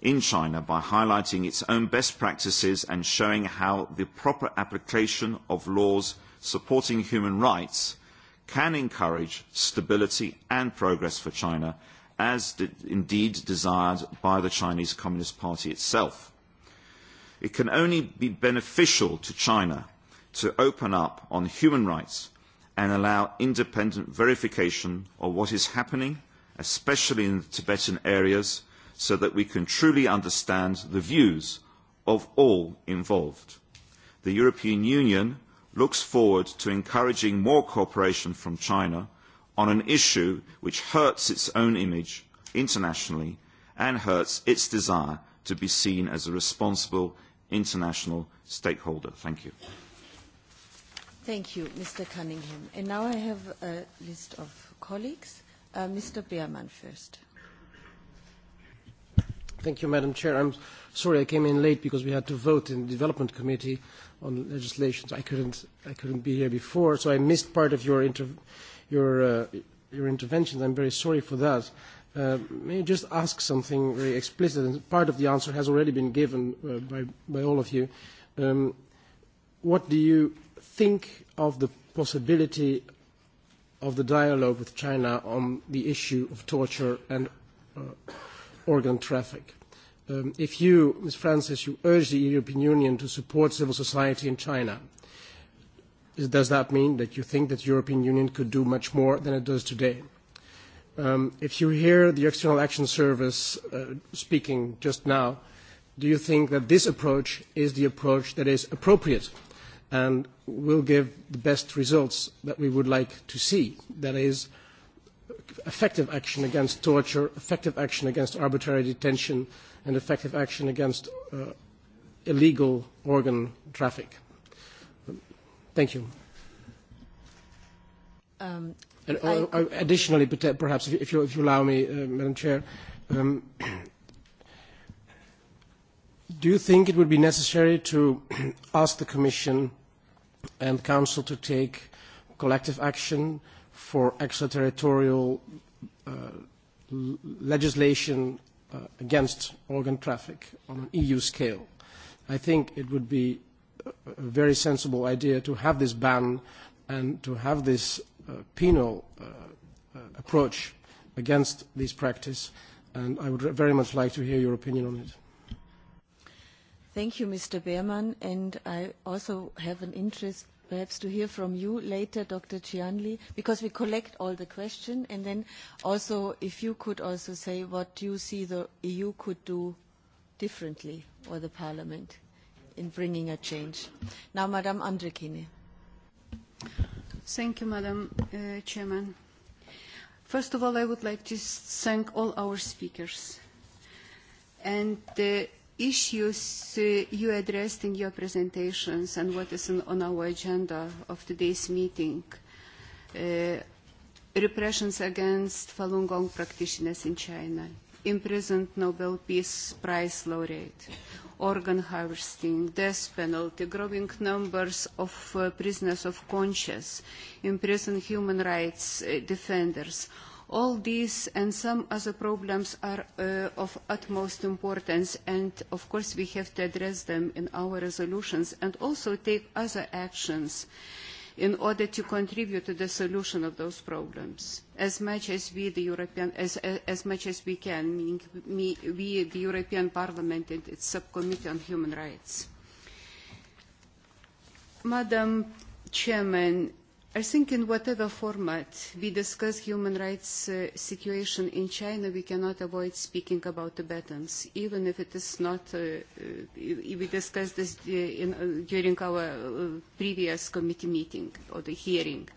in China by highlighting its own best practices and showing how the proper application of laws supporting human rights can encourage stability and progress for China, as de indeed desired by the Chinese Communist Party itself. It can only be beneficial to China to open up on human rights and allow independent verification of what is happening, especially in the Tibetan areas, so that we can truly understand the views of all involved. The European Union looks forward to encouraging more cooperation from China on an issue which hurts its own image internationally and hurts its desire to be seen as a responsible international stakeholder. Thank you. Thank you, Mr. Cunningham. And now I have a list of colleagues. Uh, Mr. Beerman first. Thank you, Madam Chair. I'm sorry I came in late because we had to vote in the Development Committee on legislation. So I couldn't, I couldn't be here before, so I missed part of your, inter your, uh, your interventions. I'm very sorry for that. Uh, may I just ask something very explicit, and part of the answer has already been given uh, by, by all of you. Um, what do you think of the possibility of the dialogue with China on the issue of torture and uh, organ traffic? Um, if you, Ms. Francis, you urge the European Union to support civil society in China, does that mean that you think that the European Union could do much more than it does today? Um, if you hear the External Action Service uh, speaking just now, do you think that this approach is the approach that is appropriate and will give the best results that we would like to see. That is, effective action against torture, effective action against arbitrary detention, and effective action against uh, illegal organ traffic. Thank you. Um, and, uh, I, uh, additionally, perhaps, if you, if you allow me, uh, Madam Chair, um, [CLEARS THROAT] do you think it would be necessary to [CLEARS THROAT] ask the Commission and Council to take collective action for extraterritorial uh, legislation uh, against organ traffic on an EU scale. I think it would be a, a very sensible idea to have this ban and to have this uh, penal uh, uh, approach against this practice, and I would very much like to hear your opinion on it. Thank you, Mr. Beermann. And I also have an interest perhaps to hear from you later, Dr. Cianli, because we collect all the questions, and then also if you could also say what you see the EU could do differently, or the Parliament, in bringing a change. Now, Madame Andrekine. Thank you, Madam uh, Chairman. First of all, I would like to thank all our speakers. And uh, issues uh, you addressed in your presentations and what is in, on our agenda of today's meeting. Uh, repressions against Falun Gong practitioners in China, imprisoned Nobel Peace Prize laureate, organ harvesting, death penalty, growing numbers of uh, prisoners of conscience, imprisoned human rights uh, defenders, All these and some other problems are uh, of utmost importance, and of course we have to address them in our resolutions and also take other actions in order to contribute to the solution of those problems as much as we the European as, as, as much as we can meaning me, we the European Parliament and its subcommittee on human rights madam chairman I think in whatever format we discuss human rights uh, situation in China, we cannot avoid speaking about Tibetans, even if it is not, uh, uh, we discussed this uh, in, uh, during our uh, previous committee meeting or the hearing.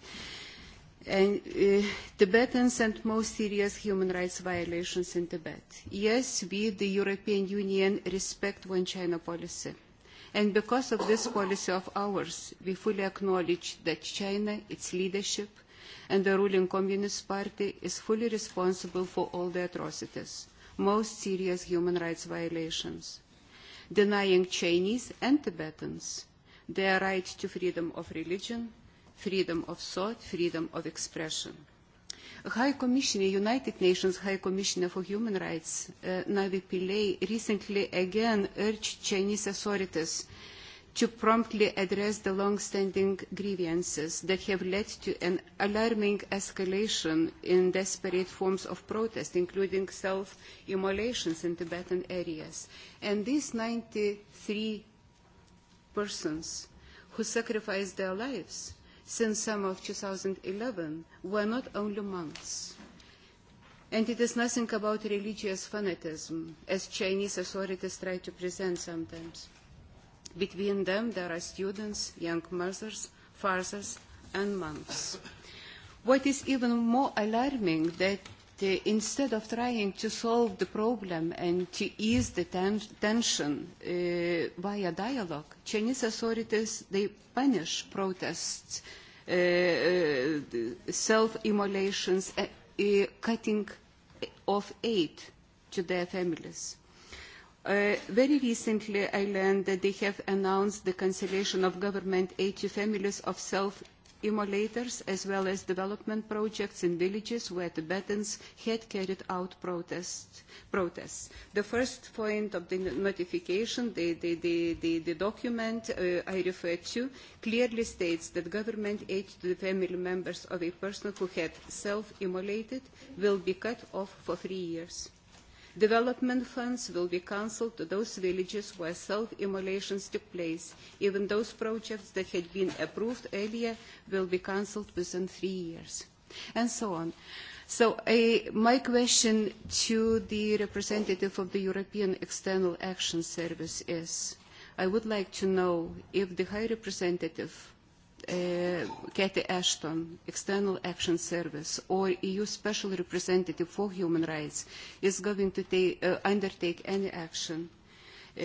And uh, Tibetans and most serious human rights violations in Tibet. Yes, we, the European Union, respect one China policy. Uh, And because of this policy of ours, we fully acknowledge that China, its leadership, and the ruling Communist Party is fully responsible for all the atrocities, most serious human rights violations, denying Chinese and Tibetans their right to freedom of religion, freedom of thought, freedom of expression High Commissioner, United Nations High Commissioner for Human Rights, uh, Navi Pillay, recently again urged Chinese authorities to promptly address the long-standing grievances that have led to an alarming escalation in desperate forms of protest, including self-immolations in Tibetan areas. And these 93 persons who sacrificed their lives since summer of 2011 were not only monks. And it is nothing about religious fanatism, as Chinese authorities try to present sometimes. Between them, there are students, young mothers, fathers, and monks. What is even more alarming that the, uh, instead of trying to solve the problem and to ease the ten- tension uh, via dialogue, Chinese authorities, they punish protests, uh, uh, self-immolations, uh, uh, cutting off aid to their families. Uh, very recently, I learned that they have announced the cancellation of government aid to families of self immolators as well as development projects in villages where Tibetans had carried out protest, protests. The first point of the notification, the, the, the, the, the document uh, I referred to, clearly states that government aid to the family members of a person who had self-immolated will be cut off for three years. Development funds will be cancelled to those villages where self-immolations took place. Even those projects that had been approved earlier will be cancelled within three years, and so on. So uh, my question to the representative of the European External Action Service is, I would like to know if the High Representative uh, Cathy Ashton, External Action Service, or EU Special Representative for Human Rights is going to take, uh, undertake any action uh,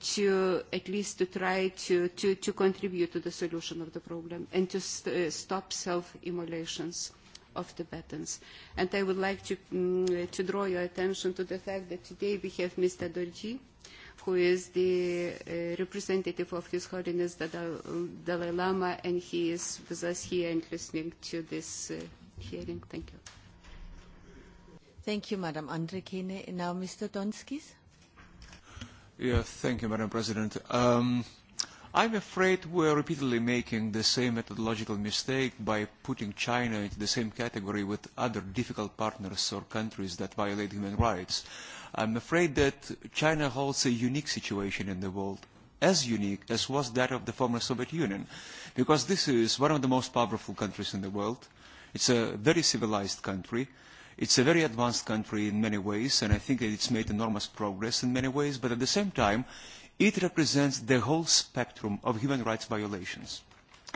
to at least to try to, to, to contribute to the solution of the problem and to st uh, stop self-immolations of Tibetans. And I would like to, um, to draw your attention to the fact that today we have Mr. Dorji, uh, who is the uh, representative of His Holiness the Dalai Lama, and he is with us here and listening to this uh, hearing. Thank you. Thank you, Madam Andrekine. Now, Mr. Donskis. Yeah, thank you, Madam President. Um, I'm afraid we're repeatedly making the same methodological mistake by putting China into the same category with other difficult partners or countries that violate human rights. Uh, I'm afraid that China holds a unique situation in the world, as unique as was that of the former Soviet Union, because this is one of the most powerful countries in the world. It's a very civilized country. It's a very advanced country in many ways, and I think that it's made enormous progress in many ways, but at the same time, it represents the whole spectrum of human rights violations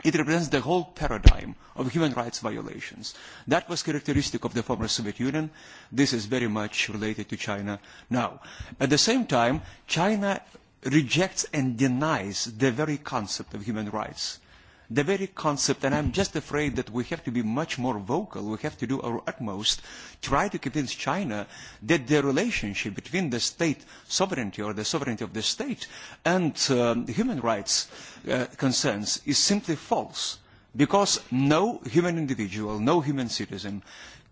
It represents the whole paradigm of human rights violations. That was characteristic of the former Soviet Union. This is very much related to China now. At the same time, China rejects and denies the very concept of human rights. Uh, the very concept, and I'm just afraid that we have to be much more vocal, we have to do our utmost, try to convince China that the relationship between the state sovereignty or the sovereignty of the state and um, human rights uh, concerns is simply false. Because no human individual, no human citizen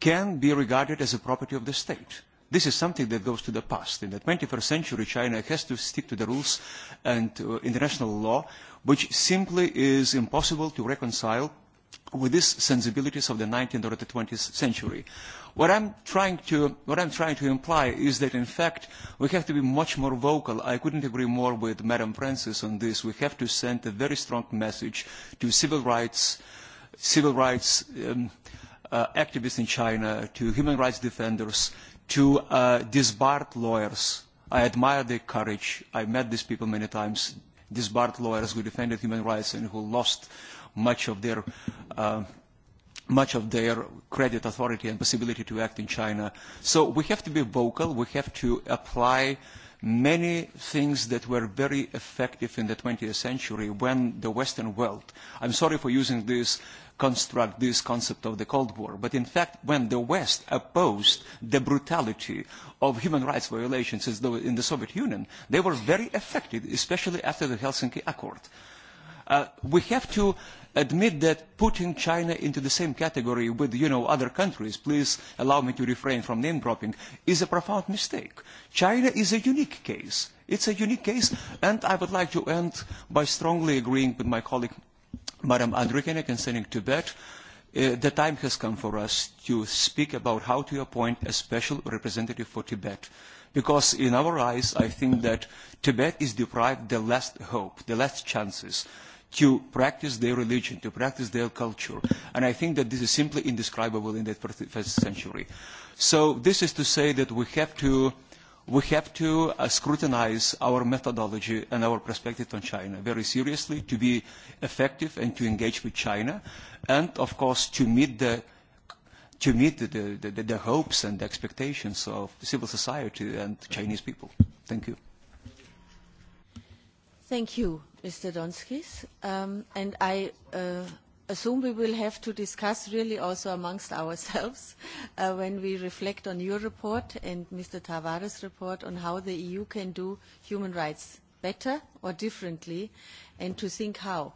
can be regarded as a property of the state This is something that goes to the past. In the 21st century, China has to stick to the rules and uh, international law, which simply is impossible to reconcile with these sensibilities of the 19th or the 20th century. What I'm, trying to, what I'm trying to imply is that, in fact, we have to be much more vocal. I couldn't agree more with Madam Francis on this. We have to send a very strong message to civil rights, civil rights um, uh, activists in China, to human rights defenders, to uh, disbarred lawyers. I admire their courage. I met these people many times, disbarred lawyers who defended human rights and who lost much of their, uh, much of their credit authority and possibility to act in China. So we have to be vocal. We have to apply many things that were very effective in the 20th century when the Western world, I'm sorry for using this construct this concept of the Cold War. But in fact, when the West opposed the brutality of human rights violations in the Soviet Union, they were very affected, especially after the Helsinki Accord. Uh, we have to admit that putting China into the same category with, you know, other countries, please allow me to refrain from name dropping, is a profound mistake. China is a unique case. It's a unique case, and I would like to end by strongly agreeing with my colleague Madam Andrikene concerning Tibet. Uh, the time has come for us to speak about how to appoint a special representative for Tibet. Because in our eyes, I think that Tibet is deprived the last hope, the last chances to practice their religion, to practice their culture. And I think that this is simply indescribable in the 21st century. So this is to say that we have to uh, we have to uh, scrutinize our methodology and our perspective on China very seriously to be effective and to engage with China and, of course, to meet the to meet the, the, the, the hopes and the expectations of civil society and Chinese people. Thank you. Thank you, Mr. Donskis. Um, and I uh, soon we will have to discuss really also amongst ourselves [LAUGHS] uh, when we reflect on your report and Mr. Tavares' report on how the EU can do human rights better or differently and to think how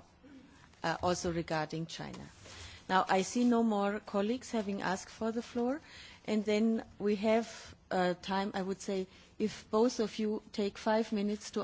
uh, also regarding China. Now I see no more colleagues having asked for the floor and then we have uh, time I would say if both of you take five minutes to